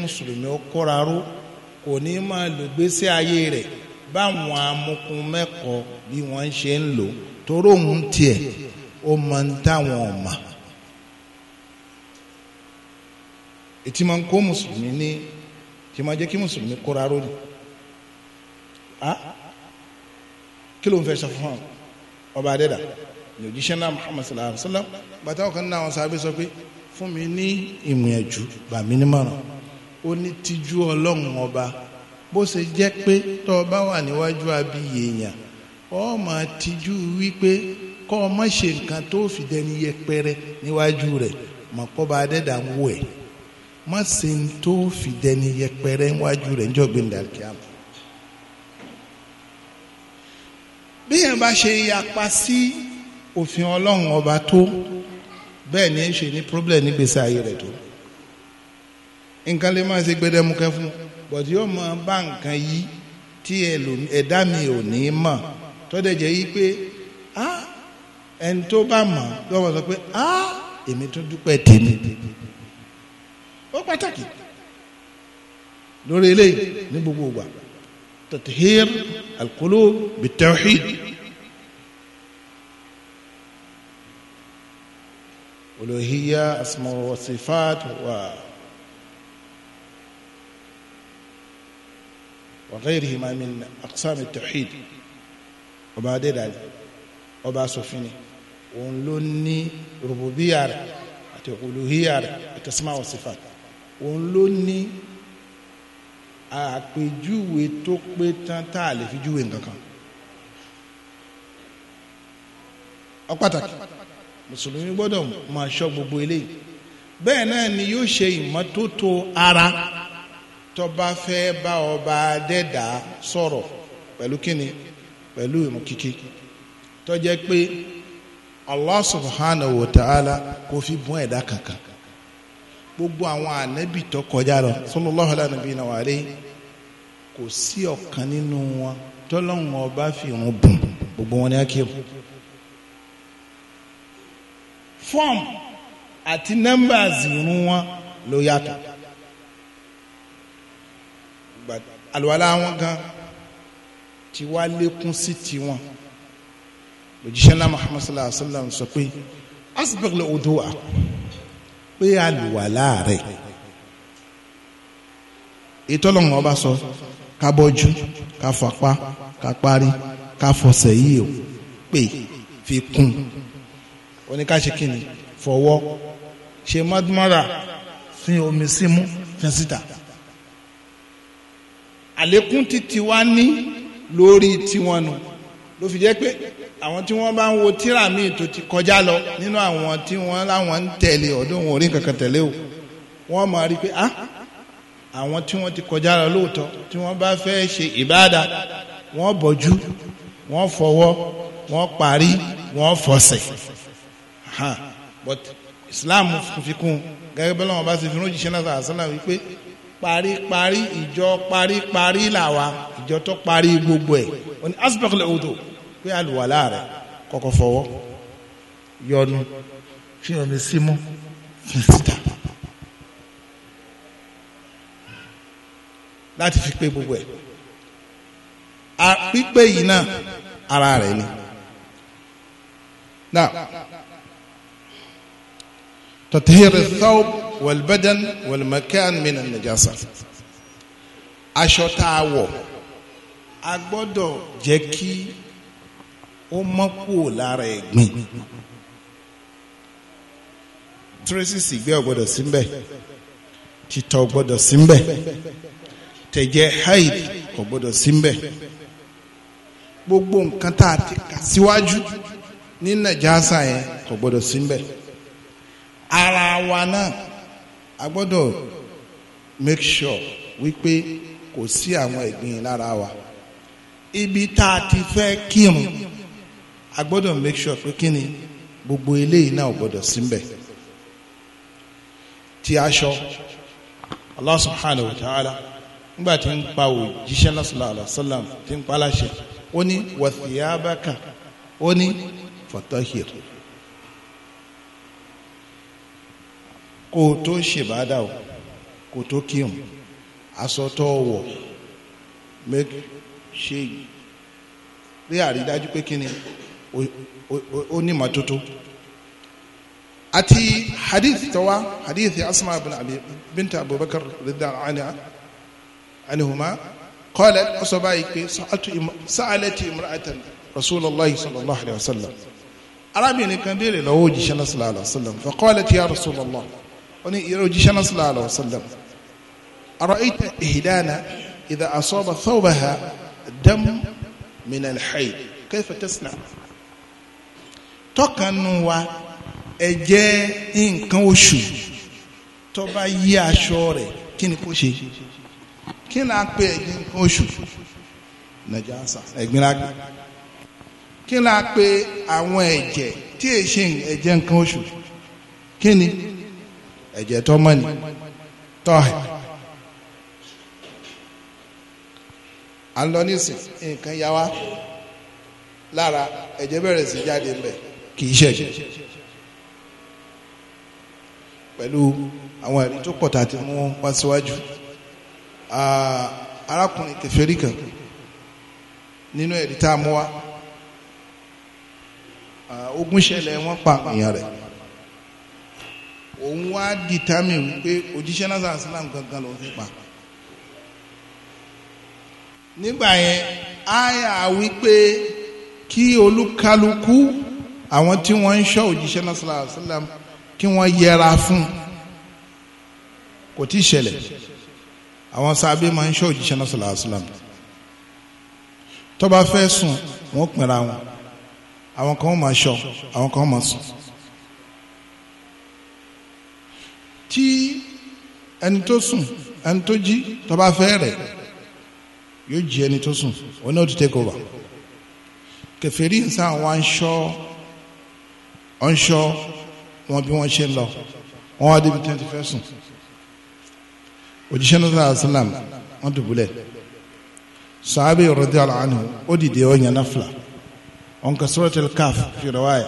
mùsùlùmí bí wọ́n ṣe ń torí òun tiẹ̀ ó mọ ń táwọn ọ̀mà ètí máa ń kó mùsùlùmí ní tí máa jẹ́ kí mùsùlùmí kóra rónì kí ló ń fẹ́ sọ fún ọ ọba adẹ́dà ní òjíṣẹ́ náà Muhammad sallallahu alaihi wa sallam bàtà ọ̀kan náà wọn sábẹ́ sọ pé fún mi ní ìmùyànjú gbà mí nímọ̀ràn ó ní tijú ọlọ́run ọba bó ṣe jẹ́ pé tọ́ ọ wà níwájú abiyèèyàn ọ máa tijú wípé kọ́ ọ má ṣe nǹkan tó fi dẹni yẹpẹrẹ níwájú rẹ̀ mọ̀ kọ́ bá dẹ́dà ń wò ẹ̀ má ṣe ń tó fi dẹni yẹpẹrẹ níwájú rẹ̀ níjọ́ gbẹ̀ndàkíá. bí yẹn bá ṣe yapa sí òfin ọlọ́run ọba tó bẹ́ẹ̀ ni ẹ ṣe ní problem nígbèsè ayé rẹ̀ tó nǹkan lè máa ṣe gbẹdẹmukẹ fún bọ̀dí yóò máa bá nǹkan yìí tí ẹ̀dá mi ò ní mọ̀ tọ́dẹ̀ jẹ́ yí pé ẹni tó bá mọ̀ lọ́wọ́ sọ pé èmi tó dúpẹ́ tèmi ó pàtàkì lórí eléyìí ní gbogbo ìgbà tathir alqulub bitawhid uluhiyya asma wa sifat وغيرهما من أقسام التوحيد ọba adédàlẹ ọba asòfin òun ló ní rògbòbíyà rẹ àti olùhíyà rẹ àti asmaul sifat òun ló ní àpèjúwe tó pé tán tá a lè fi júwe nǹkan kan pàtàkì mùsùlùmí gbọ́dọ̀ máa ṣọ́ gbogbo eléyìí bẹ́ẹ̀ náà ni yóò ṣe ìmọ́tótó ara tó bá fẹ́ bá ọba adẹ́dàá sọ̀rọ̀ pẹ̀lú kíni pẹ̀lú ìrun kíkí tó jẹ́ pé Allah subhanahu ta'ala kò fi bùn ẹ̀dá kankan gbogbo àwọn ànábì tó kọjá lọ sallallahu alaihi wa alihi kò sí ọ̀kan nínú wọn tọ́lọ́hún ọba fi gbogbo wọn ni kí àti wọn ló yàtọ̀ àlùwalá tiwa lékún sí tiwọn òjíṣẹ́ náà muhammad sallallahu alayhi wa sallam sọ pé asibẹ́kẹ̀lẹ̀ odò wa pé àlùwàlá rẹ̀ ètò ọlọ́run ọba sọ ká bọ́jú ká fapá ká parí ká fọsẹ̀ yìí o pé fi kún oníkàṣe kìnnì fọwọ́ ṣe mọ́dúnmọ́ra fi omi símú fi síta àlékún títí wá ní lórí tiwọn nù ló fi jẹ́ pé àwọn tí wọ́n bá ń wo tíra míì tó ti kọjá lọ nínú àwọn tí wọ́n láwọn ń tẹ̀lé ọdún wọn orí kankan tẹ̀lé o wọ́n máa rí i pé ah àwọn tí wọ́n ti kọjá lọ lóòótọ́ tí wọ́n bá fẹ́ ṣe ìbáàdà wọ́n bọ̀jú wọ́n fọwọ́ wọ́n parí wọ́n fọsẹ̀ but Islam fi kún gẹ́gẹ́ bẹ́ẹ̀ lọ́wọ́ bá ṣe fi rún jíṣẹ́ náà sàásánà wípé parí parí ìjọ parí parí làwa àtijọ́ tó parí gbogbo ẹ̀ wọ́n ní asibẹ́kì lè wòtò pé àlùwàlá rẹ̀ kọ́kọ́ fọwọ́ yọnu fi hàn mí símú fi síta láti fi pé gbogbo ẹ̀ pípé yìí náà ara rẹ̀ ni. Now, تطهير الثوب والبدن والمكان من النجاسة aṣọ tá a gbọdọ jẹ́ kí ó mọ́ kúrò lára ẹ̀gbìn traces ìgbẹ́ ọ̀gbọ́dọ̀ síbẹ̀ títọ́ ọ̀gbọ́dọ̀ síbẹ̀ tẹ̀jẹ̀ haid ọ̀gbọ́dọ̀ síbẹ̀ gbogbo nǹkan tá a ti kà síwájú ní nàìjásá yẹn kò síbẹ̀ ara wa náà a gbọ́dọ̀ make sure wípé kò sí àwọn ẹ̀gbin lára wa. ibi tá a ti fẹ́ kírun a gbọ́dọ̀ make sure pé kí ni gbogbo eléyìí náà gbọ́dọ̀ síbẹ̀ ti aṣọ Allah subhanahu wa ta'ala nígbà tí ń pa òjíṣẹ́ sallallahu alaihi wasallam tí ń pa láṣẹ ó ní wa ó ní fatahir kó o tó ṣèbádà o kó tó kírun aṣọ tó wọ̀ make ṣe yìí rí àrídájú pé kí ni ó ní mọ́tótó àti hadith tọ́wá hadith asma bin abi binta abubakar rida anihuma qalat ọsọ báyìí pé sa'alati imra'atan rasulallah sallallahu alayhi wa sallam arábìnrin kan béèrè lọ́wọ́ òjíṣẹ́ náà sallallahu alayhi wa sallam fa qalat ya rasulallah ó ní ìrẹ́ òjíṣẹ́ náà sallallahu alayhi wa sallam ara'ayta ihdana idha asaba thawbaha dam min al-hayd kayfa tasna tọkànnù wa ẹ̀jẹ̀ nǹkan oṣù tó bá yí aṣọ rẹ̀ kí ni kò ṣe kí ni a pè ẹ̀jẹ̀ nǹkan oṣù najasa ẹgbẹ́lágbé kí ni a pè àwọn ẹ̀jẹ̀ tí è ṣe ẹ̀jẹ̀ nǹkan oṣù kí ni ẹ̀jẹ̀ tọ́mọ ni tọ́hẹ̀. à ń lọ nísìn nǹkan yá wa lára ẹ̀jẹ̀ bẹ̀rẹ̀ sí jáde ńbẹ kì í ṣẹ̀jẹ̀ pẹ̀lú àwọn ẹ̀rí tó pọ̀ tàbí mú wá síwájú arákùnrin kèfèrí kan nínú ẹ̀rí tá a mú wá ogun ṣẹlẹ̀ wọ́n pa àwọn èèyàn rẹ̀ òun wá dìtámì wípé òjíṣẹ́ náà sàn sílám gangan ló fi pa nígbà yẹn àyà wípé kí olúkálukú àwọn tí wọ́n ń ṣọ́ òjíṣẹ́ náà sallallahu alaihi wasallam kí wọ́n yẹra fún kò tí ì ṣẹlẹ̀ àwọn sábẹ́ máa ń ṣọ́ òjíṣẹ́ náà sallallahu alaihi wasallam tó sùn wọ́n pinra wọn àwọn kan máa ṣọ́ àwọn kan máa sùn. tí ẹni tó sùn ẹni tó jí tó bá fẹ́ yóò jí ẹni tó sùn òun náà ti take over kèfèrí nsá wa ń ṣọ́ ọ ń ṣọ́ wọn bí wọ́n ṣe ń lọ wọ́n wá débi twenty first sùn òjíṣẹ́ náà sàlám wọ́n dùbúlẹ̀ sàábẹ̀ radiyallahu anhu ó dìde ó yàn náfìlà ọ̀n ka suratul kaf fi riwaya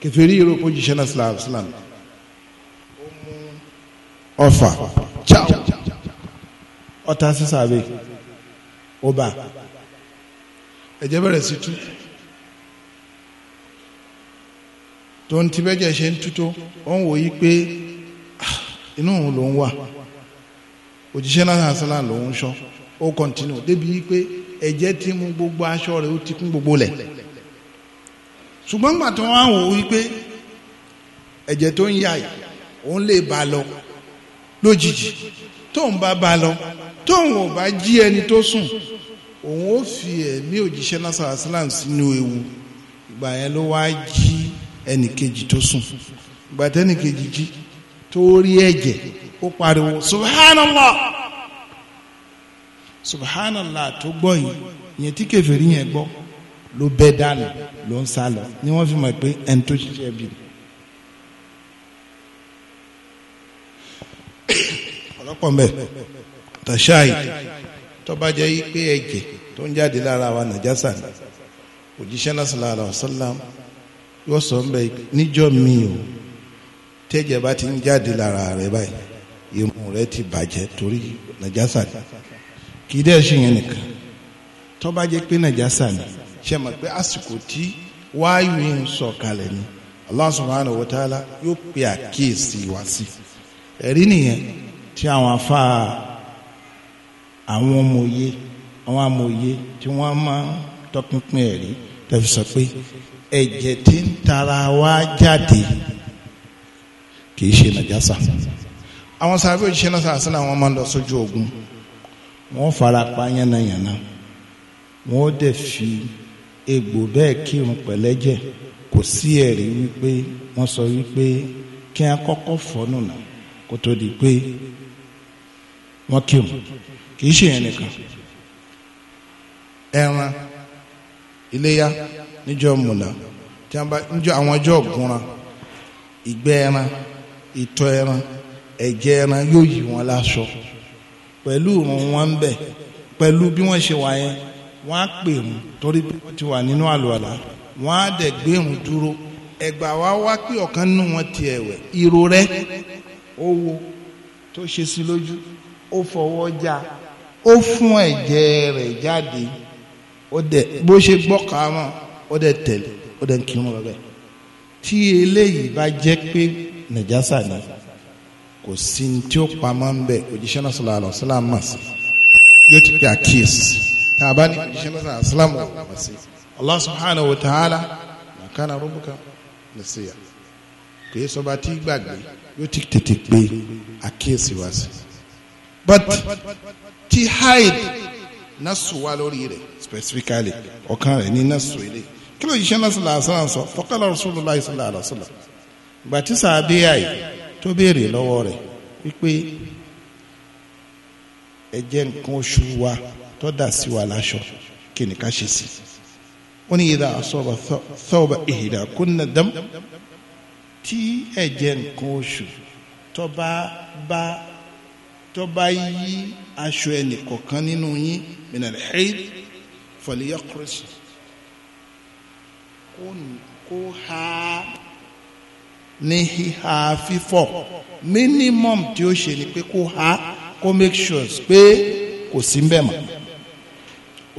kèfèrí yìí rò pé òjíṣẹ́ náà sàlám ọfà ọta sísàbẹ̀ ọba ẹ̀jẹ̀ bẹ̀rẹ̀ sí tú tó ń tibẹ́jẹ̀ ṣe ń tútó ó ń wòye pé ah, inú òun ló ń wà òjíṣẹ́ náà sálà ló ń sọ ó kọ́ntínú débi pé ẹ̀jẹ̀ ti mú gbogbo aṣọ rẹ̀ ó ti kún gbogbo lẹ̀ ṣùgbọ́n gbà tó wá wò wípé ẹ̀jẹ̀ tó ń yà yìí òun lè bá lọ lójijì tóun bá ba lọ tóun ò bá jí ẹni tó sùn òun ó fi ẹ̀mí òjíṣẹ́ nasara islam sínú ewu ìgbà yẹn ló wá jí ẹnì kejì tó sùn ìgbà tẹ́nì kejì jí tó rí ẹ̀jẹ̀ ó pariwo subhanallah subhanallah tó gbọ́ yìí yẹn tí kèfèrí yẹn gbọ́ ló bẹ́ dànù ló ń sá lọ ni wọ́n fi mọ̀ pé ẹni tó ṣiṣẹ́ bíi. ọ̀rọ̀pọ̀ mbẹ́ tàṣáì tọ́ba jẹ́ pé ẹ̀jẹ̀ tó ń jáde lára wa nàjásà ni òjíṣẹ́ náà sọ̀rọ̀ àlọ́ sọ́lám yóò sọ mbẹ́ níjọ́ mi o tẹ́jẹ̀ bá ti ń jáde lára rẹ̀ báyìí imú rẹ̀ ti bàjẹ́ torí nàjásà ni kì í dẹ́ ṣe yẹn nìkan tọ́ba jẹ́ pé nàjásà ni ṣe mọ̀ pé àsìkò tí wáyù ń sọ̀ kalẹ̀ ni Allah subhanahu wa ta'ala yóò pe àkíyèsí wá sí ẹ̀rí nìyẹn tí àwọn afá àwọn amòye àwọn amòye tí wọ́n máa ń tọpinpin ẹ̀rí tẹ̀sí sọ pé ẹ̀jẹ̀ tí ń tara wá jáde kì í ṣe nàjásà àwọn sábẹ́ òṣìṣẹ́ náà sàásì náà wọ́n máa ń lọ sójú ogun wọ́n fara pa yánnayànna wọ́n dẹ̀ fi egbò bẹ́ẹ̀ kírun pẹ̀lẹ́jẹ̀ kò sí ẹ̀rí wípé wọ́n sọ wípé kí á kọ́kọ́ fọ́nù náà kó tó di pé wọ́n kírun kì í ṣe yẹn nìkan ẹran iléyá níjọ múná tí wọ́n bá níjọ àwọn ọjọ́ ọ̀gúnran ìgbẹ́ ẹran ìtọ̀ ẹran ẹ̀jẹ̀ ẹran yóò yí wọn láṣọ pẹ̀lú òun wọn ń bẹ̀ pẹ̀lú bí wọ́n ṣe wà yẹn wọ́n á pè wọn torí wọ́n ti wà nínú àlùwàlà wọ́n á dẹ̀ gbé wọn dúró ẹgbà wa wá pé ọ̀kan nínú wọn ti ẹ̀wẹ̀ ìró rẹ̀ owó tó ṣe sí lójú ó fọwọ́ já ó fún ẹ̀jẹ̀ rẹ̀ jáde ó dẹ̀ bó ṣe gbọ́kà mọ́ ó dẹ̀ tẹ̀lé ó dẹ̀ ń kírun rẹ̀ bẹ́ẹ̀ tí eléyìí bá jẹ́ pé nàjásà ni kò sí ní tí ó pamọ́ ń bẹ̀ òjíṣẹ́ náà sọ̀rọ̀ àlọ́ sílá mà sí yóò ti pè àkíyèsí tá a bá ní òjíṣẹ́ náà sọ̀rọ̀ sílá mà sí Allah subhanahu wa ta'ala nàkánà rúbùkà nìṣẹ́yà kò yẹ sọ́ba tí gbàgbé yóò ti tètè pé àkíyèsí wá sí but ti hide nasu wa lórí rẹ̀ specifically ọ̀kan rẹ̀ ní nasu ilé kí ló yìí ṣe nasu làásán sọ fọkànlá rasulullah sallallahu alaihi wasallam ìgbà tí sàbí àyè tó béèrè lọ́wọ́ rẹ̀ wípé ẹ̀jẹ̀ nǹkan oṣù wa tó dà sí wa láṣọ kí ni ká ṣe sí ó ní ìdá asaba thawba ihda kunna dam tí ẹ̀jẹ̀ nǹkan oṣù tó bá bá tó bá yí aṣọ ẹnì kọ̀ọ̀kan nínú yín minal hayd falyaqris kó ha ní híha fífọ̀ minimum tí ó ṣe ni pé kó ha kó make sure pé kò sí ń mọ́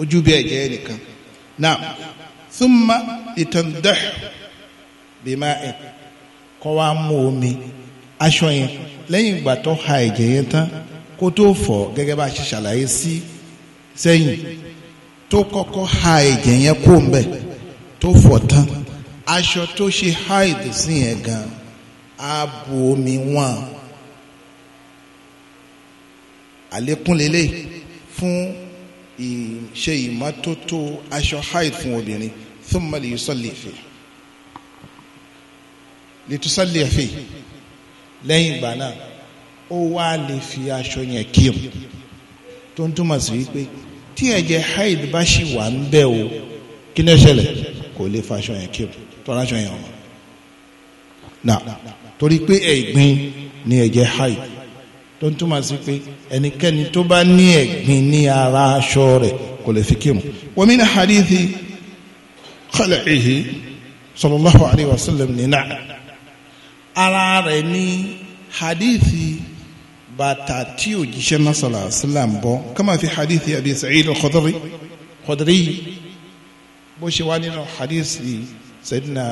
ojú bí ẹ̀jẹ̀ nìkan now thumma itandah bima ẹ̀ kọ́ wa mú omi aṣọ yẹn lẹ́yìn ìgbà tó ha ẹ̀jẹ̀ yẹn tán kó tó fọ̀ gẹ́gẹ́ bá a ṣe ṣàlàyé sí sẹ́yìn tó kọ́kọ́ ha ẹ̀jẹ̀ yẹn kó ń bẹ̀ tó fọ̀ tán aṣọ tó ṣe háìdì sí yẹn gan á bu omi wọn àlékún lélẹ̀ fún ìṣe ìmọ́tótó aṣọ háìdì fún obìnrin thumma li yusalli fi li tusalli fi lẹ́yìn ìgbà náà ó wá lè fi aṣọ yẹn kírun tó ń túmọ̀ sí wípé tí ẹ̀jẹ̀ haid bá ṣì wà ń bẹ̀ o kí ni ó kò lè fa aṣọ yẹn aṣọ ni ẹ̀jẹ̀ haid tó ń túmọ̀ sí pé ara aṣọ rẹ̀ kò lè fi wa hadithi khal'ihi sallallahu alayhi wa sallam ara rẹ̀ hadithi. bàtà tí òjíṣẹ́ náà sọ̀rọ̀ àṣìlám bọ́ kama fi hadithi abi sa'id al-khudri khudri bó ṣe wá nínú hadithi sayyidina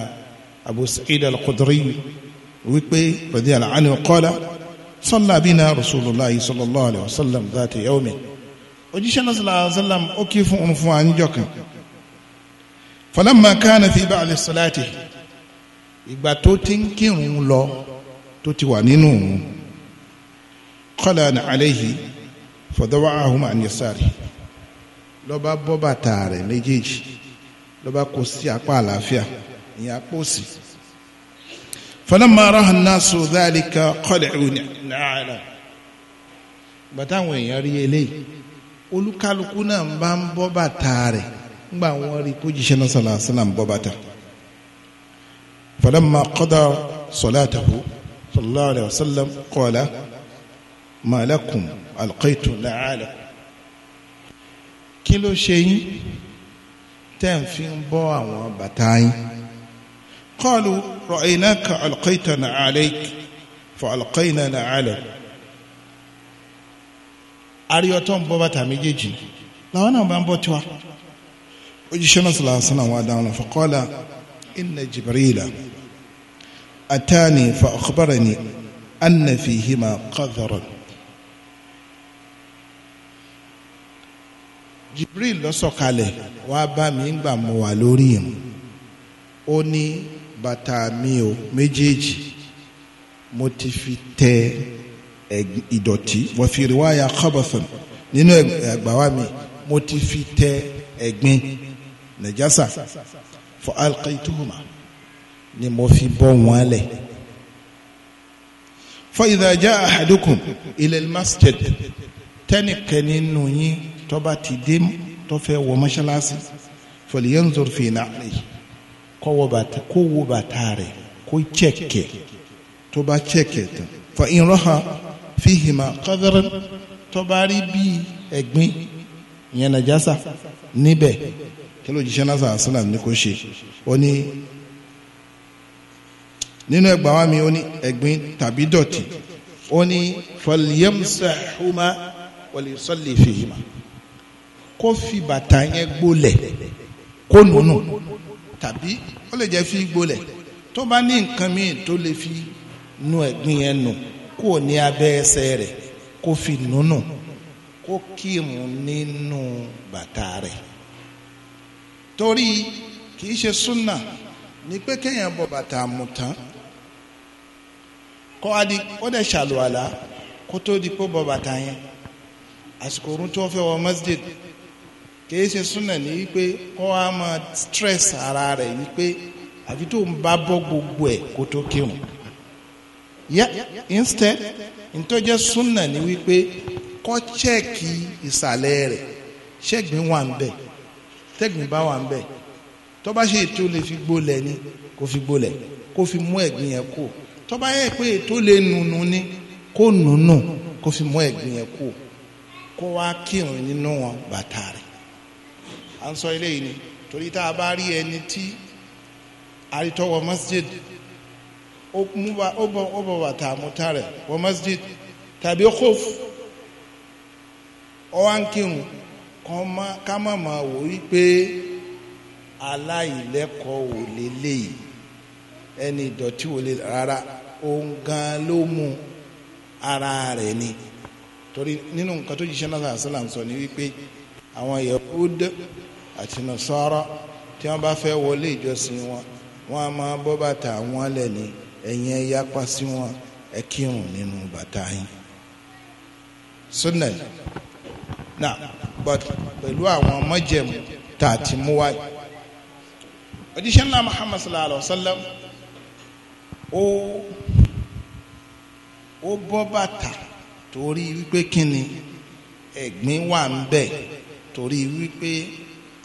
abu sa'id al-khudri wípé radiyallahu anhu qala salla bina rasulullahi sallallahu alayhi wa sallam dhata yawmin òjíṣẹ́ náà sọ̀rọ̀ ó kí fún un fún àníjọ kan falamma kana fi ba'di salati ìgbà tó ti ń kírun lọ tó ti wà nínú òun kọ́lánà àléhì fọ̀dọ́wọ́ ahùnmá àníyàsáre lọ́ba bọ́ bàtà rẹ̀ méjèèjì lọ́ba kò sí apá àlàáfíà ìyẹn apá òsì. falamma raha an-nasu dhalika qad'u na'ala. bàtà àwọn èèyàn rí eléyìí olúkálukú náà ń bá ń bọ́ bàtà rẹ̀ ńgbà wọn rí kó jíṣẹ́ náà sọ̀rọ̀ àṣẹ náà ń bọ́ bàtà. falamma qada salatahu sallallahu alayhi wa sallam qala ma lakum alqaitu la'alakum kí ló ṣe yín tẹ́ ń fi ń bọ́ àwọn bàtà yín qalu ra'aynaka alqaitana alayk fa alqayna la'alak àríyọ̀tọ̀ ń bọ́ bàtà méjèèjì làwọn náà bá ń bọ́ tiwa òjíṣẹ́ náà sọ̀rọ̀ àṣẹ wà dáhùn fa qala inna jibrila atani fa akhbarani anna fihima qadharan jibril ló sọ̀kalẹ̀ wá bá mi ń gbà mo wà lórí ìmù ó ní bàtà mi ò méjèèjì mo ti fi tẹ ìdọ̀tí wọ́n fi rí wáyà kọ́bọ̀fọ̀n nínú ẹgbà mi mo ti fi tẹ ẹ̀gbin nàjásà fọ alqaituhuma ni mo fi bọ́ wọn lẹ̀ fa idha jaa ahadukum masjid tẹ́nìkẹ́ nínú yín tó bá ti dé tó fẹ́ wọ mọ́ṣáláṣí falyanzur fi na'lihi kó wọ bàtà kó wọ bàtà rẹ̀ kó chẹ́kẹ̀ tó bá chẹ́kẹ̀ tán fa in raha fihima qadaran tó bá rí bí ẹ̀gbin ìyẹn nàjásà níbẹ̀ kí náà sàn sílẹ̀ ní kò ṣe ó ní nínú ẹgbà wa mi ó ní ẹ̀gbin tàbí dọ̀tí ó ní falyamsahuma wa liyusalli fihima kó fi bàtà yẹn gbolẹ̀ kó nùnù tàbí ó lè jẹ́ fi gbolẹ̀ tó bá ní nǹkan míì tó lè fi nu ẹ̀gbin yẹn nù kó ní abẹ́ ẹsẹ̀ rẹ̀ kó fi nùnù kó kírun nínú bàtà rẹ̀ torí kì í ṣe súnà ni pé kéèyàn bọ bàtà àmùtán kó adi ó dẹ̀ ṣàlùwàlà kó tó di pé bọ bàtà yẹn àsìkò orun tó fẹ́ wọ masjid kìí ṣe súnà ní wípé kọ́ a máa stress ara rẹ̀ wípé àfi tó ń bá bọ́ gbogbo ẹ̀ kó tó kírun yá instead ntọ́jẹ́ súnà ní wípé kọ́ chẹ́ẹ̀kì ìsàlẹ̀ rẹ̀ ṣẹ́gbìn wà ń bẹ̀ tẹ́gbìn bá wà ń bẹ̀ tó bá ṣe ètò lè fi gbólẹ̀ ni kó fi gbólẹ̀ kó fi mú ẹ̀gbìn yẹn kú tó bá yẹ pé ètò lè nùnú ni kó nùnú kó fi mú ẹ̀gbìn yẹn kú kó wá kírun nínú wọn bàtà rẹ̀ à ń sọ eléyìí ni torí tá a bá rí ẹni tí àrítọ́wọ̀ masjid ó bọ̀ bàtà àmúta rẹ̀ wọ masjid tàbí khuf ọwá ń kírun ká má máa wò wípé aláìlẹ́kọ̀ọ́ ò lélẹ́yìí ẹni ìdọ̀tí wò lè rárá òun gan ló mú ara rẹ̀ ni torí nínú nǹkan tó jíṣẹ́ náà sàlàǹsọ ni wípé àwọn Yahud àti nasara tí wọ́n bá fẹ́ wọlé ìjọsìn wọn wọ́n á máa bọ́ bàtà wọn lẹ̀ ní ẹ̀yìn ẹ̀yà pa wọn ẹ kírun nínú bàtà yín sunna na but pẹ̀lú àwọn mọ́jẹ̀mú tá a ti mú wáyé òjíṣẹ́ ńlá Muhammad sallallahu alayhi wa sallam ó ó bọ́ bàtà torí wípé kíni ẹ̀gbin wà ń bẹ̀ torí wípé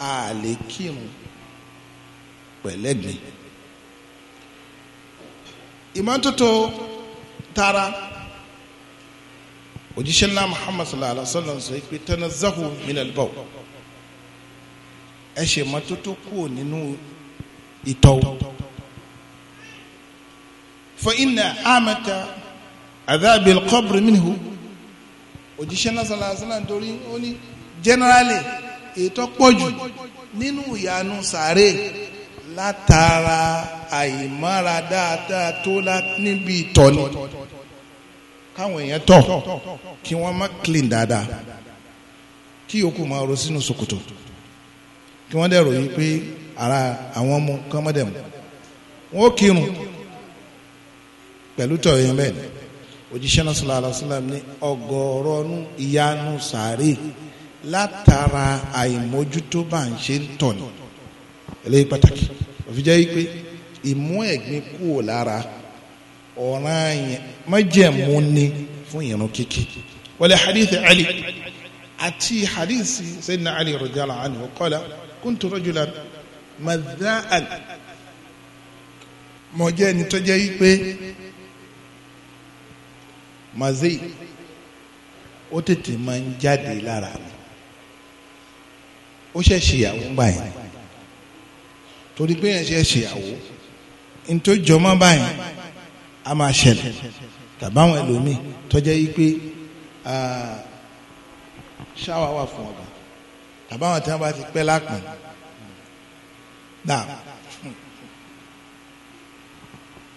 a lè kírun pẹ̀lẹ́gbìn ìmọ́tótó tara òjíṣẹ́ ńlá muhammad sallallahu alaihi wa sallam sọ pé tanazzahu minal bawl ẹ ṣe mọ́tótó kúrò nínú ìtọ̀ fa inna amata adhabil qabr minhu òjíṣẹ́ ńlá sallallahu alaihi wa sallam torí ó ní generally ètò pọ̀jù nínú ìyanu sàárè látara àìmára dáadáa tó níbi ìtọ́ni káwọn èèyàn tọ̀ kí wọ́n má clean dáadáa kí yòókù máa ro sínú ṣòkòtò kí wọ́n dẹ̀ ròyìn pé ara àwọn ọmọ kan mọ́ dẹ̀ mọ́ wọn ó kírun pẹ̀lú tọ̀ yẹn bẹ́ẹ̀ òjíṣẹ́ náà sallallahu alaihi wasallam ní ọgọ́rọ́nù ìyanu sàárè látara àìmójútó bá ń ṣe ń tọ̀ ni eléyìí pàtàkì òfin jẹ́ pé ìmú ẹ̀gbin kúrò lára ọ̀ràn yẹn májẹ̀mú ni fún ìrun kíkí wọlé hadith ali àti hadith sayyidina ali radiyallahu anhu qala kuntu rajulan madhaan mo jẹ́ ẹni tó jẹ́ pé mazi ó tètè máa ń jáde lára mi ó ṣe ṣèyàwó ń báyìí torí pé ẹ ṣe ṣèyàwó ntójọmọ́ báyìí a máa ṣẹlẹ̀ tàbáwọn ẹlòmíì tọ́jẹ́ yìí pé ṣáwá wà fún ọba tàbáwọn tí wọ́n bá ti pẹ́ lápọ̀n náà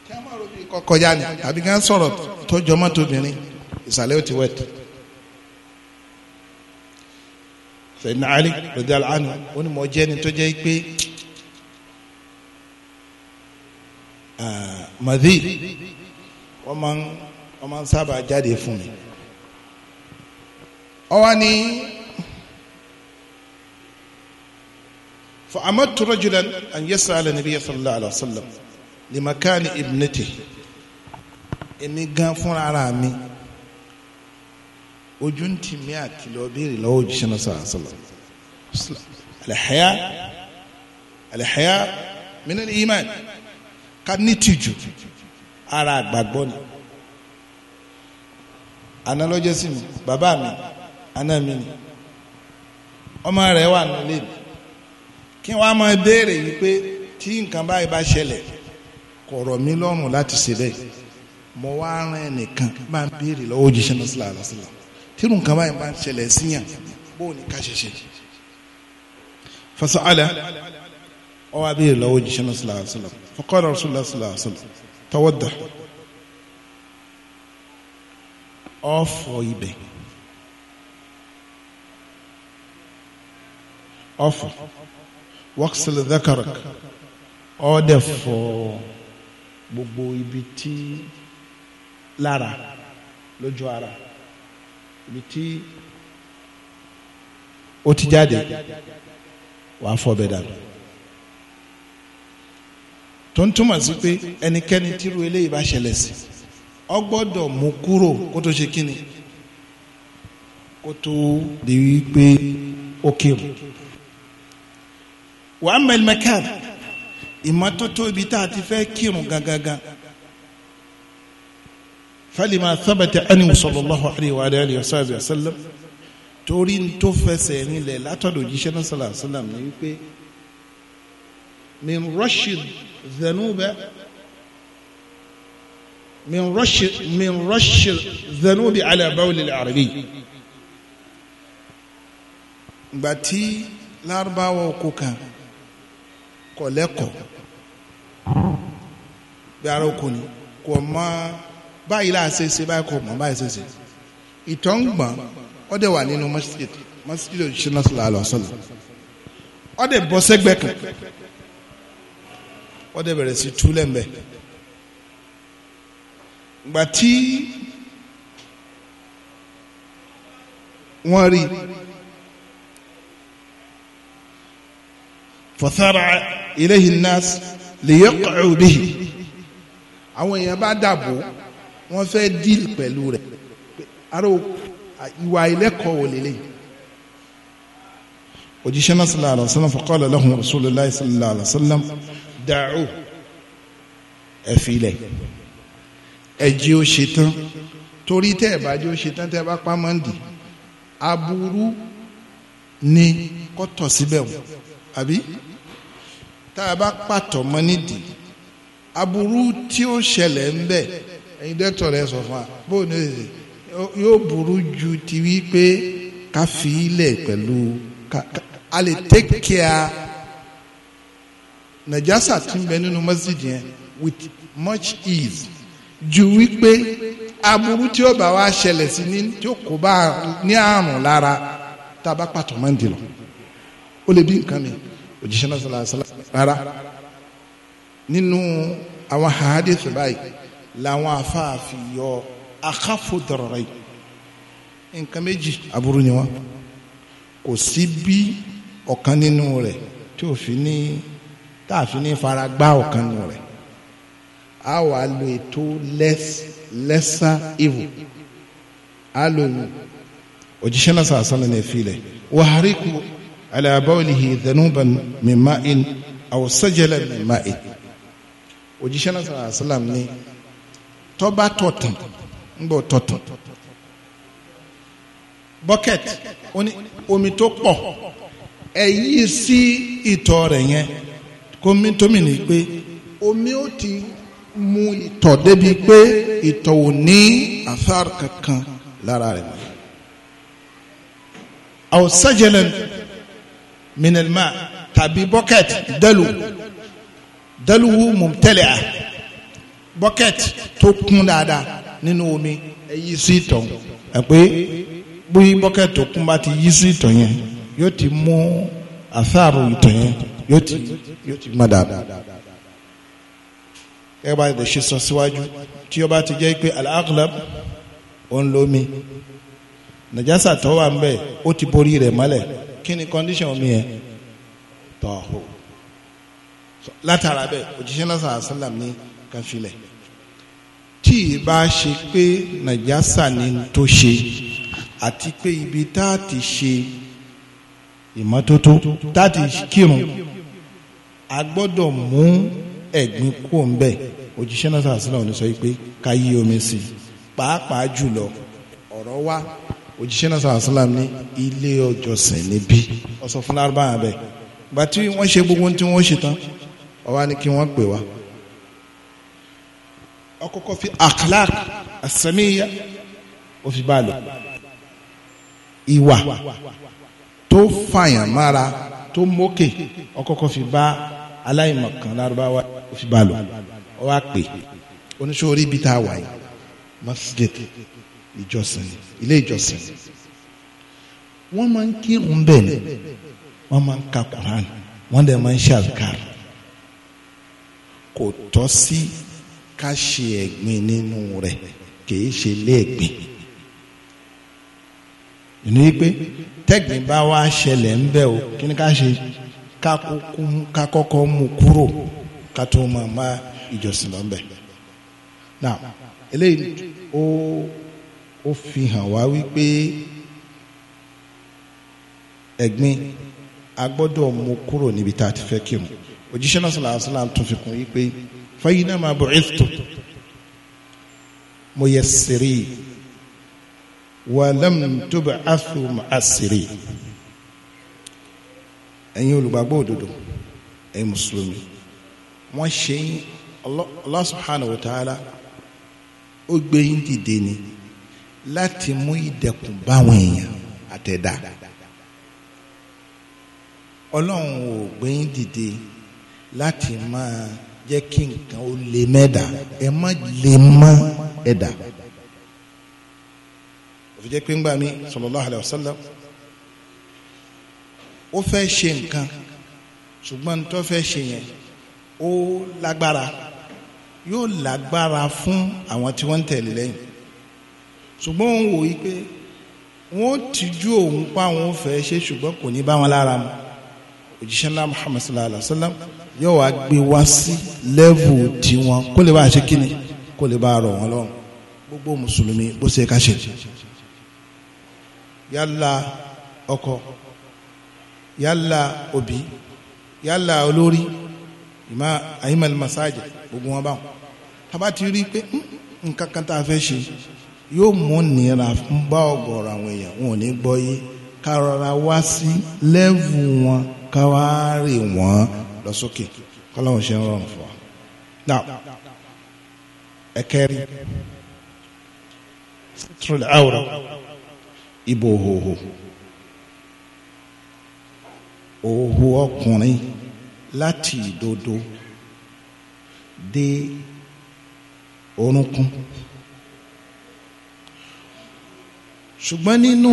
kí a máa ro bí kọkọjá ni tàbí kí wọ́n sọ̀rọ̀ tọ́jọmọ́ tóbìnrin ìsàlẹ̀ ó ti wẹ̀ tó. Sayyidina Ali radiyallahu anhu ó ní mo jẹ́ ni tó jẹ́ pé madhi wọ́n máa ń wọ́n máa ń sábà jáde fún mi ó wá ní fa amattu rajulan an yas'ala nabiyya sallallahu alaihi wasallam li makani ibnatihi èmi gan fúnra mi ojú ń tì mí àti lọ béèrè lọ́wọ́ òjíṣẹ́ náà sọ̀rọ̀ sọ̀rọ̀ alihaya alihaya minal iman ká ní tìjú ara àgbàgbọ́ ni àná lọ́jọ́ sí mi bàbá mi àná mi ni ọmọ rẹ̀ wà nílé mi kí wọ́n á máa béèrè wípé tí nǹkan báyìí bá ṣẹlẹ̀ kò rọ̀ mí láti ṣe bẹ́ẹ̀ mo wá ran ẹnìkan máa ń béèrè lọ́wọ́ òjíṣẹ́ náà sílẹ̀ àlọ́sílẹ̀ tírun kan báyìí bá ń ṣẹlẹ̀ síyàn bó ní ká ṣe ṣe. fasa ala ọwọ́ abẹ́rẹ́ lọ́wọ́ jíṣẹ́ náà sallallahu alaihi wasallam faqala rasulullah sallallahu alaihi wasallam tawadda ọ̀fọ̀ ibẹ̀ ọ̀fọ̀ waqsil dhakarak gbogbo ibi tí lára lójú ara ibi tí ó ti jáde wà á fọbẹ dànù tó ń túmọ̀ sí pé ẹnikẹ́ni tírú eléyìí bá ṣẹlẹ̀ sí ọ gbọ́dọ̀ mú kúrò kó tó ṣe kíni kó tó di wípé ó kírun wàá mẹ́lẹ́mẹ́kà ìmọ́tótó ibi tá a ti fẹ́ kírun gangan gangan falima thabata anhu sallallahu alayhi wa alihi wa sallam torí tó fẹsẹ̀ nílẹ̀ látọ̀dọ̀ jíṣẹ́ náà sallallahu alayhi wa sallam ni wípé min rashid dhanuba min rashid min rashid dhanubi ala bawl al-arabi gbàtí lárúbáwá oko kan kọ̀lẹ́kọ̀ bí ara oko ni kò máa báyìí láà ṣe ṣe báyìí kò mọ̀ báyìí ṣe ṣe ìtọ́ ń gbọ̀n ó dẹ̀ wà nínú masjid masjid òṣìṣẹ́ náà sọ̀rọ̀ àlọ́ sọ̀rọ̀ ó dẹ̀ bọ́ sẹ́gbẹ́ kan ó dẹ̀ bẹ̀rẹ̀ sí túlẹ̀ mbẹ́ gbà tí wọ́n rí fọ̀sára ilayhi nas lè yẹ kọ̀ọ́ bíi àwọn èèyàn bá dàbò wọ́n fẹ́ díìl pẹ̀lú rẹ̀ aró ìwà ìlẹ́kọ̀ọ́ wò lélẹ́yìn. òjíṣẹ́ náà sallallahu alayhi wa sallam faqala lahum rasulillah sallallahu alayhi wa sallam da'u ẹ filẹ̀ ẹ jí ó ṣe tán torí tẹ́ ẹ bá jí ó ṣe tán tẹ́ ẹ bá pa mọ́ndì aburú ni kọ́tọ̀ síbẹ̀ wò àbí tá a bá pàtọ́ mọ́ nídìí aburú tí ó ṣẹlẹ̀ ń bẹ ẹ̀yin dẹ́tọ̀ rẹ sọ fún wa bóun ní èsì yóò burú ju ti wí pé ká fi ilẹ̀ pẹ̀lú a lè take care nàjásà tí ń bẹ nínú masjid yẹn with much ease ju wípé aburú tí ó bá wá ṣẹlẹ̀ sí ní tí ó kó bá ní àrùn lára tá a bá pàtó máa ń dì lọ ó lè bí nǹkan mi òjíṣẹ́ náà sọ̀rọ̀ àṣàlá rárá nínú àwọn àhádìí sọ̀rọ̀ báyìí làwọn afaafi yọ akáfo dọrọrọ yìí nǹkan méjì aburú ni wọn kò sí bí ọ̀kan nínú rẹ̀ tí òfin ní táàfin ní fara gbá ọ̀kan nínú rẹ̀ a wà lo ètò less lesser evil a lo ìwò òjíṣẹ́ náà sàásánlẹ̀ ní ìfilẹ̀ wàhárí kú alábọ́ọ̀lìhì ìdẹ̀nùbọ̀n mímá in àwòsàjẹ́lẹ̀ mímá in òjíṣẹ́ náà sàásánlẹ̀ ní tọ́ba tọ̀tàn ń bọ̀ tọ̀tàn bucket omi tó pọ̀ ẹ yí sí ìtọ̀ rẹ̀ yẹn kómi tómi ní pé omi ó ti mu ìtọ̀ débi pé ìtọ̀ ò ní àfáàr kankan lára rẹ̀ mọ́ àwọn sẹ́jẹ̀lẹ̀ minelma tàbí bucket dẹ́lu dẹ́lu wù mọ̀tẹ́lẹ̀ à bucket tó kún dáadáa nínú omi ẹ yí sí ìtàn ẹ pé bí bucket tó kún bá ti yí sí ìtàn yẹn yóò ti mú àsáàrò ìtàn yẹn yóò ti yóò ti mọ dáadáa gẹ́gẹ́ bá ìdè ṣe sọ síwájú tí ó bá ti jẹ́ pé al-aghlab òun lómi nàjásà tó wà ń bẹ̀ ó ti borí rẹ̀ mọ́lẹ̀ kí ni condition omi yẹn tọ̀ látara bẹ́ẹ̀ òjíṣẹ́ náà sàlám ní kan filẹ̀ tí ì bá ṣe pé nàjásà ni tó ṣe àti pé ibi tá a ti ṣe ìmọ́tótó tá a ti kírun a gbọ́dọ̀ mú ẹ̀gbin kó ń bẹ̀ òjíṣẹ́ náà sàásìlà ò ní sọ pé ká yí omi sí i pàápàá jùlọ ọ̀rọ̀ wa òjíṣẹ́ náà sàásìlà ní ilé ọjọ́sìn níbí ọ̀sọ̀ fún lárúbáyà bẹ́ẹ̀ gbàtí wọ́n ṣe gbogbo tí wọ́n ṣe tán ó wá kí wọ́n pè wá ọkọ̀kọ̀ fi akhlaq asamiya ó fi bá lò ìwà tó fàyàn mára tó mókè ọkọ̀kọ̀ fi bá aláìmọ̀kan lárúbáwá ó fi bá lò ó wá pè oníṣòrí ibi tá a wà yìí masjid ìjọsìn ilé ìjọsìn wọ́n máa ń kírun bẹ́ẹ̀ ni wọ́n máa ń ka Quran wọ́n dẹ̀ máa ń ṣe àzùkárì kò tọ́ sí. Si ká ṣe egbe nínú rẹ̀ kìí ṣe ìní pé bá wá ṣẹlẹ̀ o kí ni ká ṣe ká kọ́kọ́ mú kúrò ká tó now eléyìí ó fi hàn wá wípé a gbọ́dọ̀ ti fẹ́ kírun òjíṣẹ́ náà fainama بعثت muyassiri ولم تبعث mu'assiri ẹ̀yin olùgbàgbọ́ òdodo ẹ̀yin mùsùlùmí wọ́n ṣe yín Allah subhanahu wa ta'ala ó gbé yín dìde ni láti mú ìdẹ̀kùn báwọn èèyàn àtẹ̀dá ọlọ́run ò gbé yín dìde láti máa jẹ́ kí nǹkan ó lè mẹ́ẹ̀dá ẹ má lè má ẹ̀dá. òfin jẹ́ pé ń gbà mí sallallahu alaihi wasallam ó fẹ́ ṣe nǹkan ṣùgbọ́n tó fẹ́ ṣe yẹn ó lágbára yóò lágbára fún àwọn tí wọ́n ń tẹ̀lé lẹ́yìn ṣùgbọ́n òun wò yí pé wọ́n tìjú òun pa àwọn fẹ́ ṣe ṣùgbọ́n kò ní bá wọn lára mu òjíṣẹ́ ńlá Muhammad sallallahu alaihi wa sallam yóò wá gbé wá sí lẹ́vù tiwọn kó lè bá a ṣe kíni kó lè bá a rọ̀ wọ́n lọ́rùn gbogbo mùsùlùmí bó ṣe ká ṣe yálà ọkọ yálà òbí yálà olórí ìmá àyímọ̀lì masáàjì gbogbo wọn báwọn tábà ti rí i pé nǹkan kan tá a fẹ́ ṣe yóò mú nira ń bá ọ̀gọ̀rọ̀ àwọn èèyàn wọn ò ní gbọ́ yé ká rọra wá sí lẹ́vù wọn ká wá rè wọ́n lọ sókè kọ́lọ́hún ṣe ń rọrùn fún wa. now ẹ̀kẹ́rin sitrul awra ibo òhòhò òhò ọkùnrin láti ìdodo dé orúnkún ṣùgbọ́n nínú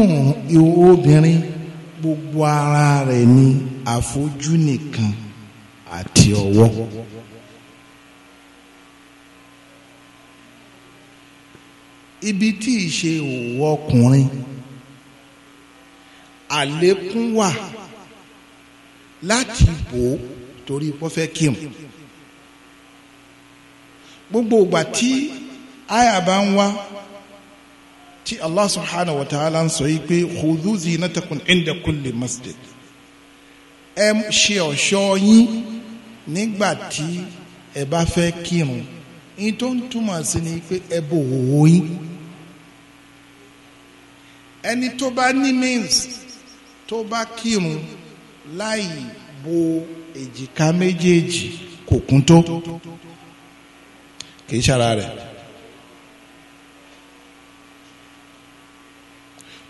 ihò obìnrin gbogbo ara rẹ̀ ni àfojú nìkan. No, àti ọwọ́. ibi tí ìṣe òwò ọkùnrin àlékún wà láti bò ó torí wọ́n fẹ́ kí mu gbogbo ìgbà tí àyà bá ń wá tí Allah subhanahu wa ta'ala ń sọ yìí pé khudhu zinatakum inda kulli masjid ẹ ṣe ọ̀ṣọ́ yín nígbà tí ẹ bá fẹ́ kírun yín tó ń túmọ̀ sí ni pé ẹ bò wò yín ẹni tó bá ní means tó bá kírun láì bo èjìká méjèèjì kò kún tó kì í ṣara rẹ̀.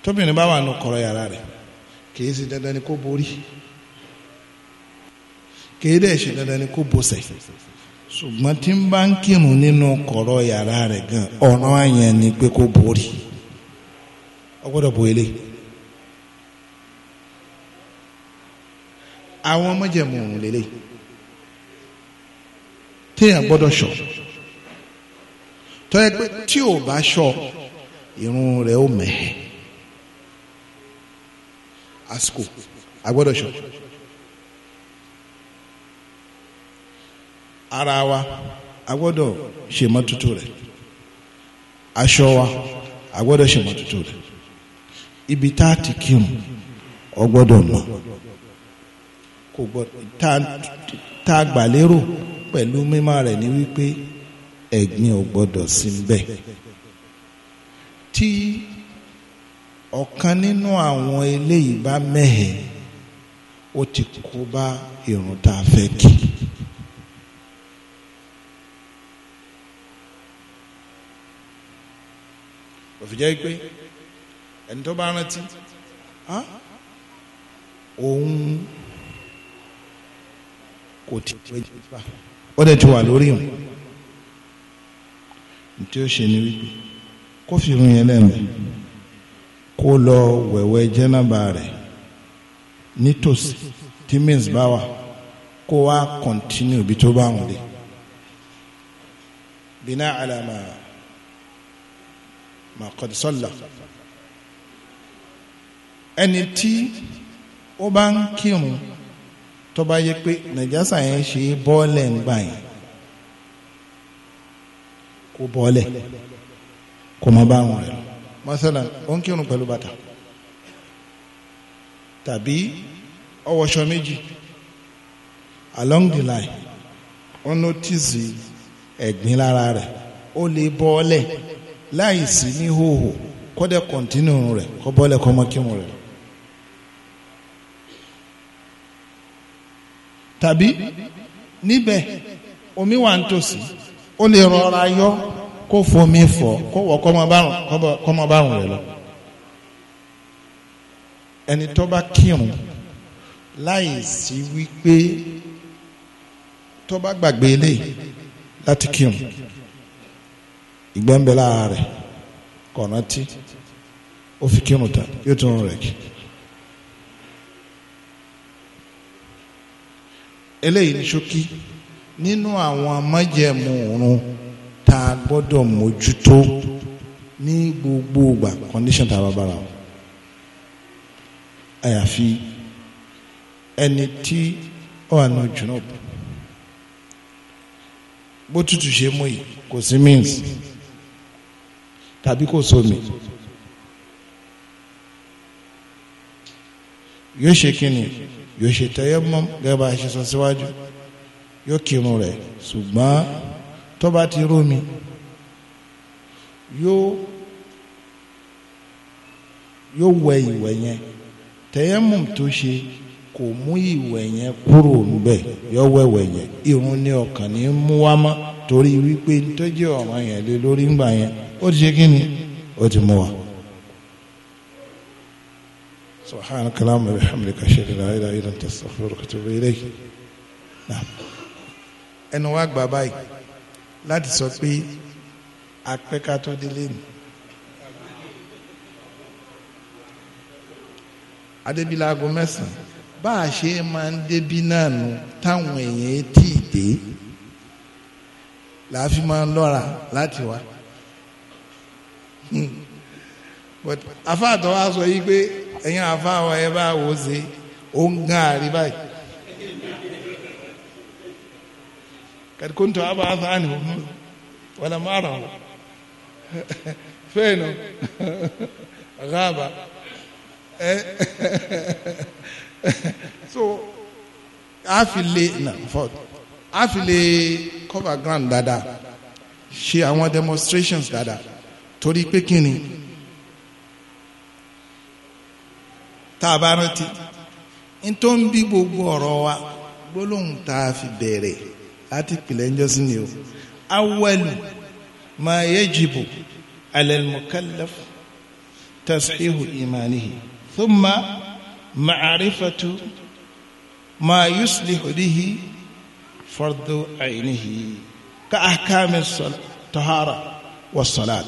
tóbìnrin bá wà nù kọ̀rọ̀ yàrá rẹ̀ kì í ṣe dandan ni kó borí. kèé dẹ̀ ṣe dandan ni kó bọ́sẹ̀ ṣùgbọ́n tí n bá ń kírun nínú kọ̀rọ̀ yàrá rẹ̀ gan ọ̀ràn àyàn ni pé kó borí ọgbọ́dọ̀ bo ilé. àwọn mọ̀jẹ̀mú òun lélẹ̀ téèyàn gbọ́dọ̀ sọ tọ́yẹ pé tí ò bá sọ irun rẹ̀ ó mẹ́hẹ́ àsìkò a gbọ́dọ̀ sọ. ara wa a gbọ́dọ̀ ṣe mọ́tótó rẹ̀ aṣọ wa a gbọ́dọ̀ ṣe mọ́tótó rẹ̀ ibi tá a ti kírun ọ gbọ́dọ̀ mọ́ kò gbọ́dọ̀ tá a gbà lérò pẹ̀lú mímọ́ rẹ̀ ni wípé ẹ̀gbin ò gbọ́dọ̀ sí níbẹ̀ tí ọ̀kan nínú àwọn eléyìí bá mẹ́hẹ̀ẹ́ ó ti kó bá irun tá a fẹ́ kí i. òfìjẹ́ pé ẹni tó bá rántí òun kò tí ì wẹ́jú pa ó dẹ̀ ti wà lórí wọn tí ó ṣe ni wípé kó fi irun yẹn lẹ́nu kó lọ wẹ̀wẹ̀ jẹ́nàbà rẹ̀ nítòsí tí mins bá wà kó wá kọ́ntínú ibi tó bá wọn dé bínú àlàmà. ma maqad salla ẹni tí ó bá ń kírun tó bá yẹ pé nàìjásà yẹn ṣe bọ́ọ̀lẹ̀ ń gbà yẹn kó bọ́ọ̀lẹ̀ kó mọ bá rẹ masalan ó ń kírun pẹ̀lú bàtà tàbí ó méjì along the line ó notice ẹ̀gbin lára rẹ̀ o lè bọ́ọ̀lẹ̀. láì sí ní hóhò kọ́dẹ̀ kọ̀ntínú rẹ̀ kọ́ bọ́lẹ̀ kọ́ mọ́ kírun rẹ̀. tàbí níbẹ̀ omi wà ń tòsí ó lè rọra yọ kó fomi fọ kó wọ kọ́mọ bárùn rẹ̀ lọ. ẹni tó bá kírun láì sí wípé tó bá gbàgbé eléyìí láti kírun ìgbẹ́ńbẹ́ lára rẹ̀ kọ̀nà tí ó fi kírun tán yóò tún rẹ̀ kí. eléyìí ní ṣókí nínú àwọn májẹ̀mú òrun tá gbọ́dọ̀ mójútó ní gbogbo ìgbà condition tá a bá bára o àyàfi ẹni tí ó wà ní junub bó tútù ṣe mú yìí kò sí means tàbí kò sómi yóò ṣe kíni yóò ṣe tayammum gẹ́gẹ́ bá a ṣe sọ síwájú yóò kírun rẹ̀ ṣùgbọ́n tó bá ti rómi yóò yóò wẹ ìwẹ̀ yẹn tayammum tó ṣe kò mú ìwẹ̀ yẹn kúrò ńbẹ̀ yọ wẹ̀wẹ̀ yẹn irun ní ọkàn ní mú wá mọ́ torí wípé tọ́jú ọmọ yẹn lé lórí ńgbà yẹn ó ti ṣe kí ni ó ti mú wa. سبحانك اللهم وبحمدك اشهد ان لا اله الا انت استغفرك واتوب اليك نعم ẹnu wa gbà báyìí láti sọ pé apẹ́kátọ́ délé ni adébílágo mẹ́sàn-án bá a ṣe máa ń débí La fi máa ń lọ́ra láti wá but afa àtọ wa sọ yìí pé ẹ̀yin afa àwọn ẹ bá wò ó ṣe ó ń gan àrí báyìí kàdíkóńtò àbá àtàní wọn àmọ́ àrà wọn fẹ́ẹ̀ nọ rábà so a fi lé nà fọ́ọ̀tù a fi lè cover ground dáadáa ṣe àwọn demonstrations dáadáa torí pé kí ni tá a bá rántí n tó ń bí gbogbo ọ̀rọ̀ wa gbólóhùn tá a fi bẹ̀rẹ̀ láti pìlẹ̀ ń jọ́sìn ni o awwalu ma yajibu ala al-mukallaf tashihu thumma ma'arifatu ma yuslihu bihi. فرض عينه كأحكام الطهارة والصلاة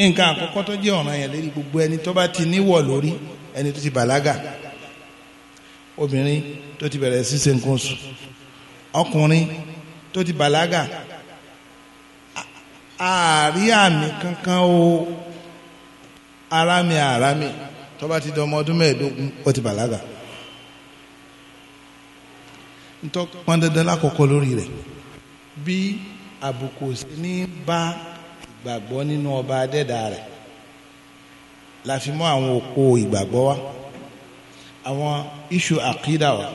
إن كان tó jẹ́ يلي yẹn lórí gbogbo ẹni tó bá ti níwọ̀ lórí ẹni tó ti bàlágà obìnrin tó ti bẹ̀rẹ̀ sí ṣe nǹkan ọkùnrin tó ti bàlágà àárí àmì kankan o arámi arámi tó bá ti dọmọ ọdún mẹ́ẹ̀ẹ́dógún ó ti bàlágà ntọ́ pọn dandan lákọ̀ọ́kọ́ lórí rẹ̀ bí àbùkù ṣe ní bá ìgbàgbọ́ nínú ọba adẹ́dà rẹ̀ la fi mọ́ àwọn òpó ìgbàgbọ́ wa àwọn iṣu àkídà wa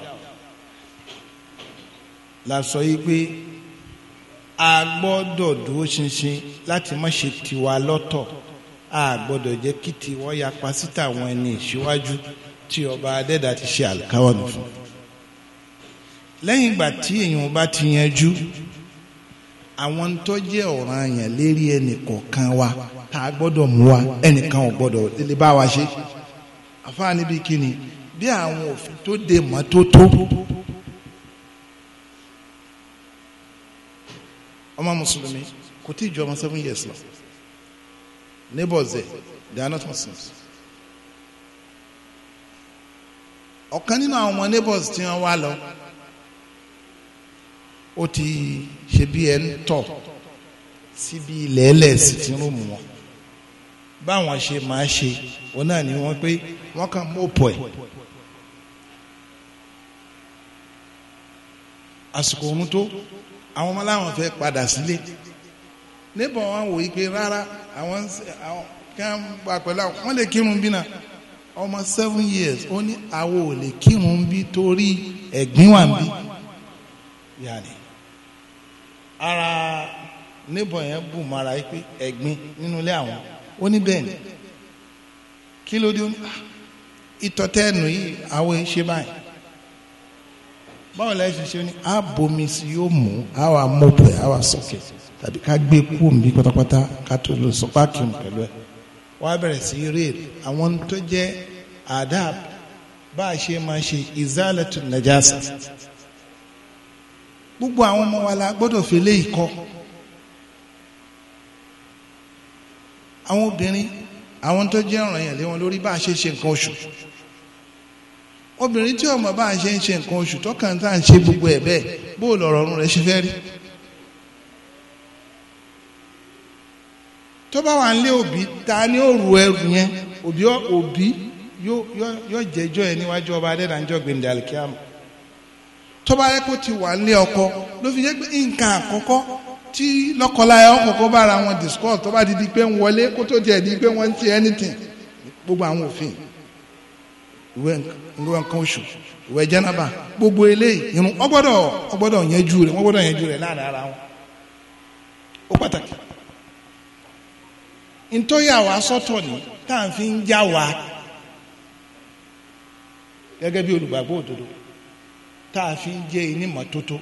la sọ yìí pé a gbọ́dọ̀ dúró ṣinṣin láti má ṣe tiwa lọ́tọ̀ a gbọ́dọ̀ jẹ́ kí tiwọ́ yapa síta àwọn ẹni ìṣíwájú tí ọba adẹ́dà ti ṣe àlùkáwọ́ mi lẹ́yìn ìgbà tí èèyàn bá ti yanjú àwọn tó jẹ́ ọ̀ràn yẹn lérí ẹnìkọ̀ọ̀kan wa tá a gbọ́dọ̀ mú wa ẹnìkan ò gbọ́dọ̀ lè bá wa ṣe àfáà níbi kíni bí àwọn òfin tó de mọ́tótó ọmọ mùsùlùmí kò tí ì ju ọmọ seven years lọ neighbors they are not muslims ọ̀kan nínú àwọn neighbors tí wá lọ ó ti ṣe bí ẹ ń tọ̀ síbi ilẹ̀ ẹlẹ́sì tí ń rúmù wọn báwọn ṣe máa ṣe òun náà ni wọ́n pé wọ́n kàn mú òpò ẹ̀ àsìkò òun tó àwọn ọmọ láwọn fẹ́ padà sílé níbọ̀ wọn wò yí pé rárá àwọn kan wà pẹ̀lú àwọn wọ́n lè kírun bí náà ọmọ seven years ó ní àwọn ò lè kírun bí torí ẹ̀gbín wà ń bí yàrá ara níbọ̀ yẹn bù mara yìí pé ẹ̀gbin nínú ilé àwọn ó ní bẹ́ẹ̀ ni kí ló dé ó ní ah, ìtọ́tẹ́ẹ̀nù yìí àwọn ṣe báyìí báwo la ṣe ṣe ni a bomi sí yóò mú a wà mọ̀pẹ̀ a wà sọ̀kẹ̀ tàbí ká gbé kú mi pátápátá ká tó lọ sọ páàkì mi pẹ̀lú ẹ̀ wọ́n bẹ̀rẹ̀ sí í rèé àwọn tó jẹ́ adab bá a ṣe máa ṣe izalatu najasa gbogbo àwọn ọmọ wa la gbọ́dọ̀ fèlè ìkọ́ àwọn obìnrin àwọn tó jẹ́ ọ̀ràn yẹn lé wọn lórí bá a ṣe ṣe nǹkan oṣù obìnrin tí ọmọ bá a ṣe ń ṣe nǹkan oṣù tọkàn tá à ń ṣe gbogbo ẹ̀ bẹ́ẹ̀ bó lọ̀rọ̀ ọ̀run rẹ̀ ṣe fẹ́ rí. tó bá wà nílé òbí ta ni ó ru ẹrù yẹn òbí yóò jẹ́jọ́ ẹ níwájú ọba adẹ́dàájọ́ gbẹ̀ndàlkíámù tó bá yẹ kó ti wà nílé ọkọ ló fi yẹ pé nǹkan àkọ́kọ́ tí lọ́kọláya ọkọ̀ọ̀kọ́ bára wọn discuss tó bá di di pé ń wọlé kó tó tiẹ̀ di pé wọ́n ń ti anything gbogbo àwọn òfin ìwé nǹkan oṣù ìwé jẹ́nàbà gbogbo eléyìí irun ọgbọ́dọ̀ ọgbọ́dọ̀ yanjú rẹ̀ wọ́n gbọ́dọ̀ yanjú rẹ̀ láàrin ara wọn ó pàtàkì ntọ́yàwó asọ́tọ̀ ni tá ń fi ń yá wa gẹ́gẹ́ bí olùgbàgbọ́ òdodo tá a fi ń jẹ́ ìnímọ̀tótó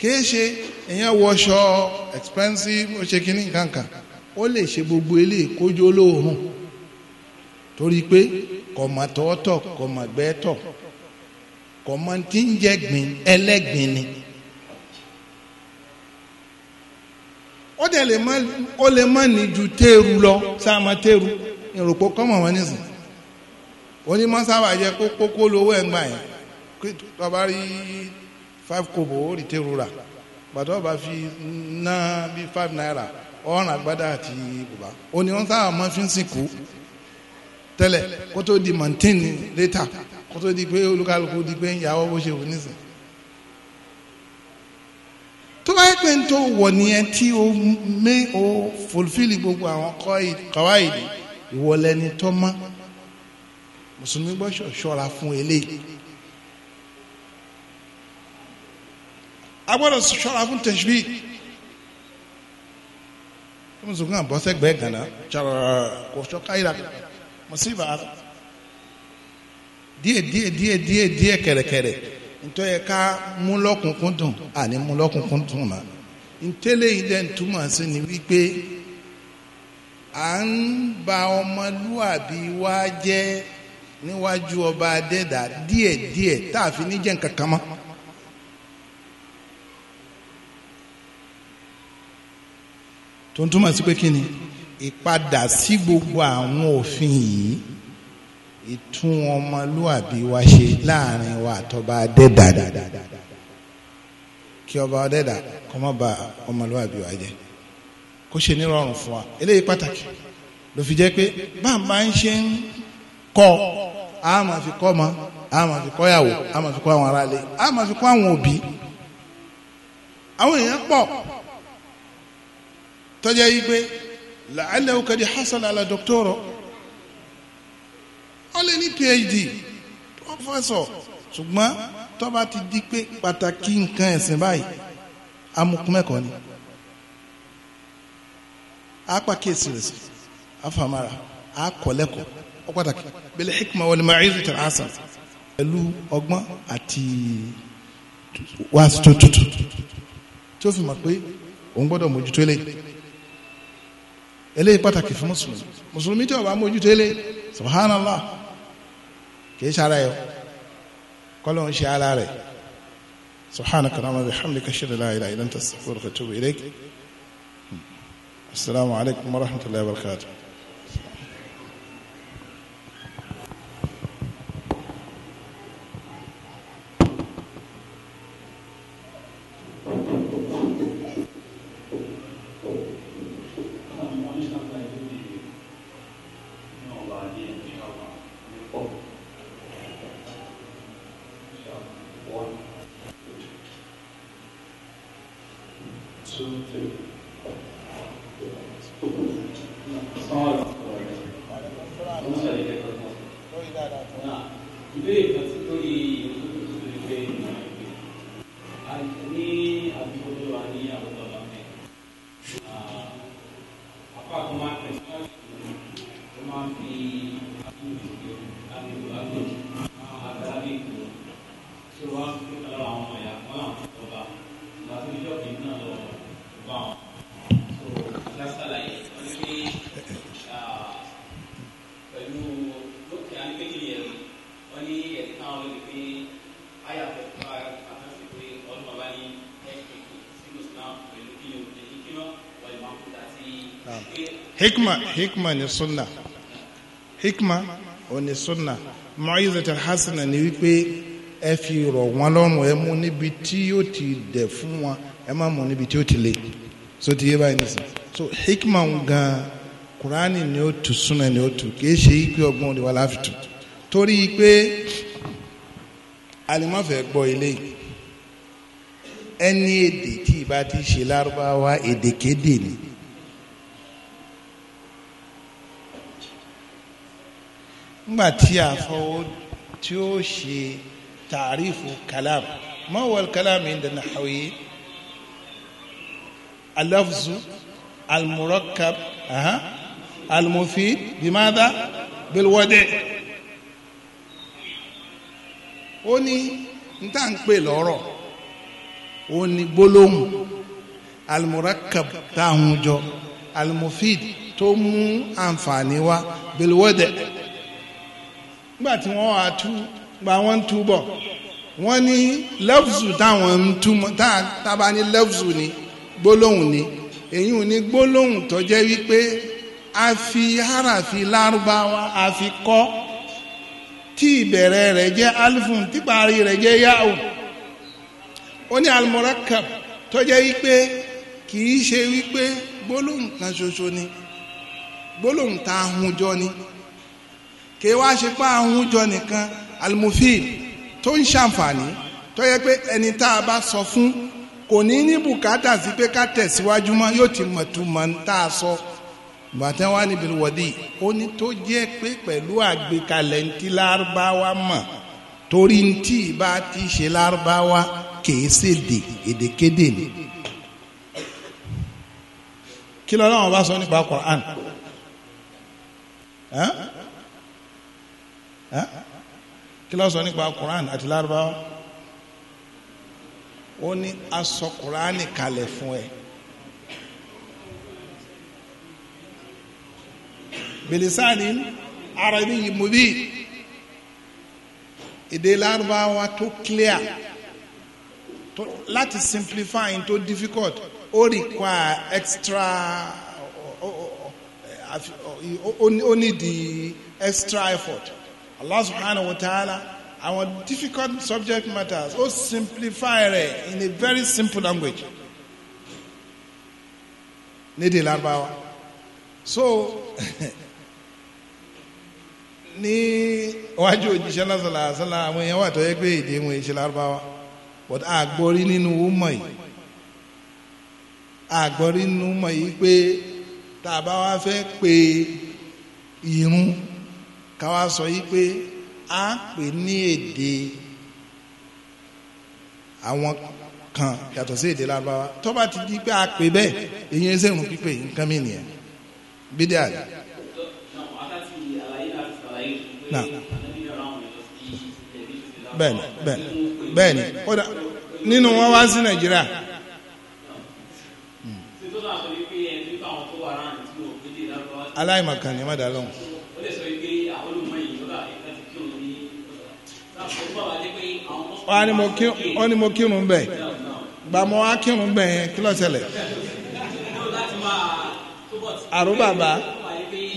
kìí ṣe èèyàn wọṣọ expensive ó ṣe kínní kankan ó lè ṣe gbogbo eléyìí kójú olóòórùn torí pé kọ̀mọ̀tọ́tọ̀ kọ̀mọ̀gbẹ́tọ̀ kọ̀mọ̀tíńjẹ̀gbìn ẹlẹ́gbìn ni. ó dẹ̀ lè má ní ju téèrú lọ sáà má téèrú ìròpó kọ́mọ̀ wọn nísìnyí wọ́n ní mọ́sábà jẹ́ kó kókó lówó ẹ̀ yẹn tó bá rí five kobo ó rí tèrú rà pàtó ọba fi ná bí five naira ọ̀ràn agbádá àti bùbá ó ní wọ́n sábà máa fi ń sìnkú tẹ́lẹ̀ kó tó di maintain later kó tó di pé olúkálùkù di pé ń yàwó bó ṣe wù nísìnyí tó bá yẹ pé n tó wọ̀ nìyẹn tí o mé o fulfili gbogbo àwọn kọ́ ìdí ìwọlẹ́ni tó máa mùsùlùmí gbọ́dọ̀ ṣọ́ra fún eléyìí a gbọ́dọ̀ ṣọ́ra fún tẹ̀síbí mùsùlùmí kan bọ́ sẹ́gbẹ̀ẹ́ gànà kò sọ káyìlá mùsùlùmí bá díẹ̀ díẹ̀ díẹ̀ díẹ̀ díẹ̀ kẹ̀rẹ̀kẹ̀rẹ̀ ntọ́ yẹ ká mú lọ́kùnkún dùn àní mú lọ́kùnkún dùn mà ntẹ́lẹ̀ yìí dẹ́ ntúmọ̀ sí ni wípé à ń ba ọmọlúwàbí wa jẹ́ níwájú ọba adẹ́dà díẹ̀díẹ̀ tá a fi ní jẹ́ nǹkan kan mọ́. tó ń túmọ̀ sí pé kí ni ìpadà sí gbogbo àwọn òfin yìí ìtún ọmọlúwàbí wa ṣe láàrin wa àtọba adẹ́dà kí ọba adẹ́dà kó má bà ọmọlúwàbí wa jẹ́ kó ṣe nírọ̀rùn fún wa eléyìí pàtàkì ló fi jẹ́ pé bá a máa ń ṣe ń kọ́ a máa fi kọ́ ọmọ a máa fi kọ́ ìyàwó a máa fi kọ́ àwọn aráalé a máa fi kọ́ àwọn òbí àwọn èèyàn pọ̀ tọ́jà yìí pé làálẹ̀ òkèdè hasan ala dọ́kítọ́rọ̀ ó lè ní phd pọ́fẹ́sọ̀ ṣùgbọ́n tọ́ba ti di pé pàtàkì nǹkan ẹ̀sìn báyìí amukumẹ́kọ̀ọ́ ni apá kéésì rẹ̀ sí afamara akọ̀lẹ́kọ̀ọ́ ó pàtàkì bil hikma wal ma'izati hasan pẹ̀lú ọgbọ́n àti wáásù tó tutù tí ó fi mọ̀ pé òun gbọ́dọ̀ mójútó lé eléyìí pàtàkì fún mùsùlùmí mùsùlùmí tí ó bá mójútó lé subhanallah kì í ṣe ara yẹ kọ́lọ́ ń ṣe ara rẹ̀ subhanaka wa bihamdika ashhadu an la ilaha illa anta astaghfiruka wa wa rahmatullahi wa barakatuh hikma hikma ni sunna hikma ò ní sunna mu'izatul hasana ni wípé ẹ fi rọ̀ wọ́n lọ́rùn ẹ mú níbi tí yóò ti dẹ̀ fún wọn ẹ má mú níbi tí yóò ti le so ti yé báyìí nìsín so hikma ń gan kurani ni ó tu sunna ni ó tu kì í ṣe ipe ọgbọ́n òde wa láfi tu torí pé alimọ́fẹ́ gbọ́ ilé ẹni èdè tí ìbá ti ṣe lárúbáwá èdèkéde ni ńgbà tí àfọwọ́ tí ó ṣe tààrífù kalam ma wal kalam inda nahawiyyin al-lafzu al-murakkab aha al-mufid bimadha bil-wadi' ó ní n tá à ń pè lọ́rọ̀ ó ní gbólóhùn al-murakkab tá à ń jọ al nígbà tí wọ́n wá tú gba wọ́n ń túbọ̀ wọ́n ní lẹ́fùsù táwọn ń túmọ̀ tábà ní lẹ́fùsù ní gbólóhùn ní èyí ò ní gbólóhùn tó jẹ́ wípé a fi harafi lárúbáwá a fi kọ́ tí ìbẹ̀rẹ̀ rẹ̀ jẹ́ alifun tí parí rẹ̀ jẹ́ yáò ó ní almurakab tó jẹ́ wípé kì í ṣe wípé gbólóhùn kan ṣoṣo ni gbólóhùn tá a hun jọ ni kì í wá ṣe pé àwọn jọ nìkan almufid tó ń ṣàǹfààní tó yẹ pé ẹni tá a bá sọ fún kò ní ní bùkátà sí pé ká tẹ̀síwájú mọ́ yóò ti mọ̀túmọ̀ tá a sọ bàtẹ́ wá níbi wọ̀dí ó ní tó jẹ́ pé pẹ̀lú àgbékalẹ̀ ntí lárúbáwá mọ̀ torí ntí bá ti ṣe lárúbáwá kìí ṣèdè èdèkédè ni. kí lọ́la wọn bá sọ nípa Quran. Huh? kí ló sọ nípa Quran àti Lárúbáwá ó ní a Quran kalẹ̀ fún ẹ. bilisani arabi mubi èdè Lárúbáwá tó clear tó láti simplify tó difficult ó require extra ó ní di extra effort allah subhanahu wa ta'ala our difficult subject matters ó simplify it in a very simple language nídìí lárúbáwá so (laughs) ní iwájú òjíṣẹ́ lásàlá àṣàlá àwọn èèyàn wà tó yẹ pé èdè wọn èṣe lárúbáwá but àgbọ̀rí nínú wúmọ̀ yìí àgbọ̀rí nínú wúmọ̀ yìí pé tá a fẹ́ pé irun káwa sọ yìí pé a pè ní èdè àwọn kan yàtọ̀ sí èdè lábáwá tó bá ti di pé a pè bẹ́ẹ̀ èyí ẹsẹ̀ ń pípé nǹkan mi nìyẹn bídẹ́ àlẹ́. bẹ́ẹ̀ni bẹ́ẹ̀ni kódà nínú wọn wá sí nàìjíríà. Hmm. aláìmọ̀kan ni ẹ dá lóhùn. wọ́n mo kírun bẹ́ẹ̀ gbàmọ́ wá kírun bẹ́ẹ̀ yẹn kí ló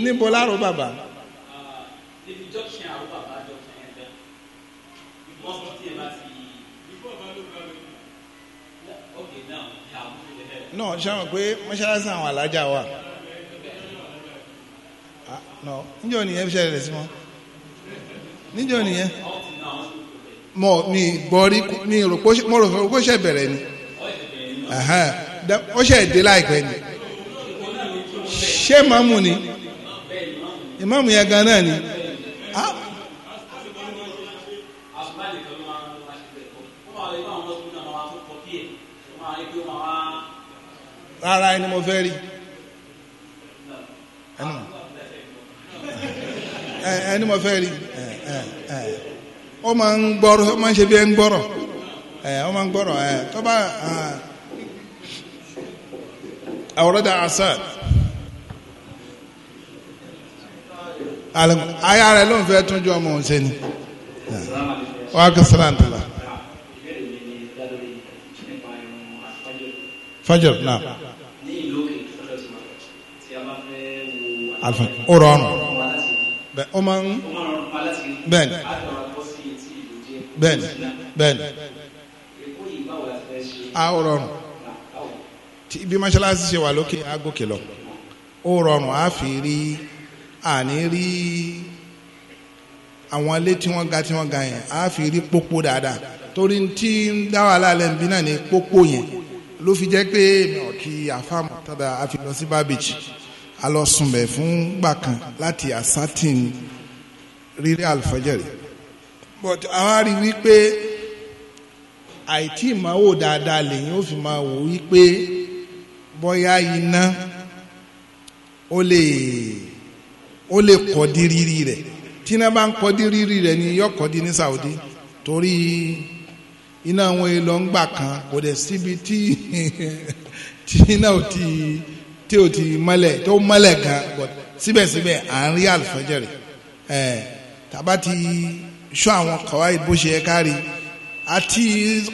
níbo náà pé mọ́ṣáláṣí àwọn alájà wà ah, nìyẹn ṣẹlẹ̀ sí wọn nìyẹn. mọ mi gbọ́ rí mi rò pé ó ṣe bẹ̀rẹ̀ ni ó ṣe dé láìpẹ́ ni ṣé màmú ni ìmáàmù yẹn gan náà ni rárá ẹni mo fẹ́ rí ẹni mo fẹ́ rí ẹ ẹ ẹ ó máa ń gbọ́rọ̀ ó máa ń ṣe bí ẹ ń gbọ́rọ̀ ẹ ó máa ń gbọ́rọ̀ ẹ tó bá àwòrán Asad aya rẹ ló ń fẹ́ tún ju ọmọ ọ̀sẹ̀ ni wà á kí sàlàntì la. fajr náà. alfa ó rọrùn bẹ́ẹ̀ ó máa ń bẹ́ẹ̀ bẹ́ẹ̀ni bẹ́ẹ̀ni a ó rọrùn bí mọ́ṣáláṣí ṣe wà lókè á gòkè lọ ó rọrùn á fi rí àní rí àwọn ilé tí wọ́n ga tí wọ́n ga yẹn á fi rí pópó dáadáa torí tí ń dá wàhálà lẹ́nu bí náà ní pópó yẹn ló fi jẹ́ pé kí àfàmù tàdà àfi lọ sí bábèjì a lọ sùn bẹ̀ fún gbà kan láti àsátìn rírí àlùfájẹ̀rì. but àwa rí wípé àìtí ìmáwò dáadáa lèyìn ó fi máa wò wípé bóyá iná ó lè ó lè kọ́ di rírì rẹ̀ tí iná bá ń kọ́ di rírì rẹ̀ ni yóò kọ́ di Saudi torí iná àwọn èèlò ń gbà kan kò dẹ̀ síbi tí (laughs) ti tí ò ti mọ́lẹ̀ tó mọ́lẹ̀ gan síbẹ̀síbẹ̀ à ń rí ẹ̀ ṣọ́ àwọn kọ̀wá ìbò ṣe é kárí àti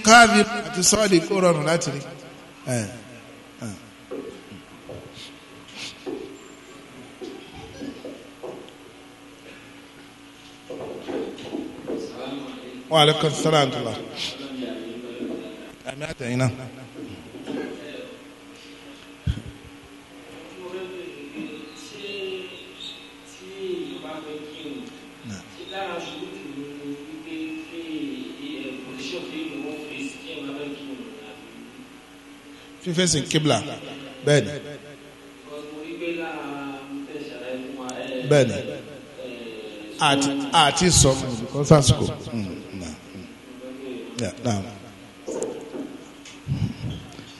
káàbí àti sọ́ọ̀dì kó rọrùn láti rí. wa alaikum salaam tula. àmì àtẹ̀yìn náà. fífẹsìn kíbla bẹ́ẹ̀ni. bẹ́ẹ̀ni àti àti sọ kọsàsìkò.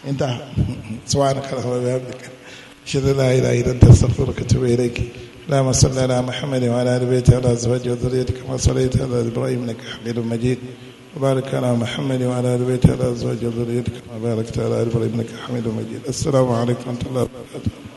انتهى سبحانك اللهم وبحمدك اشهد ان لا اله الا انت استغفرك واتوب اليك اللهم صل على محمد وعلى ال بيته وعلى ازواجه وذريته كما صليت على ابراهيم انك حميد مجيد وبارك على محمد وعلى ال بيته الازواج وذريتك وباركت على ال ابنك حميد مجيد السلام عليكم ورحمه الله وبركاته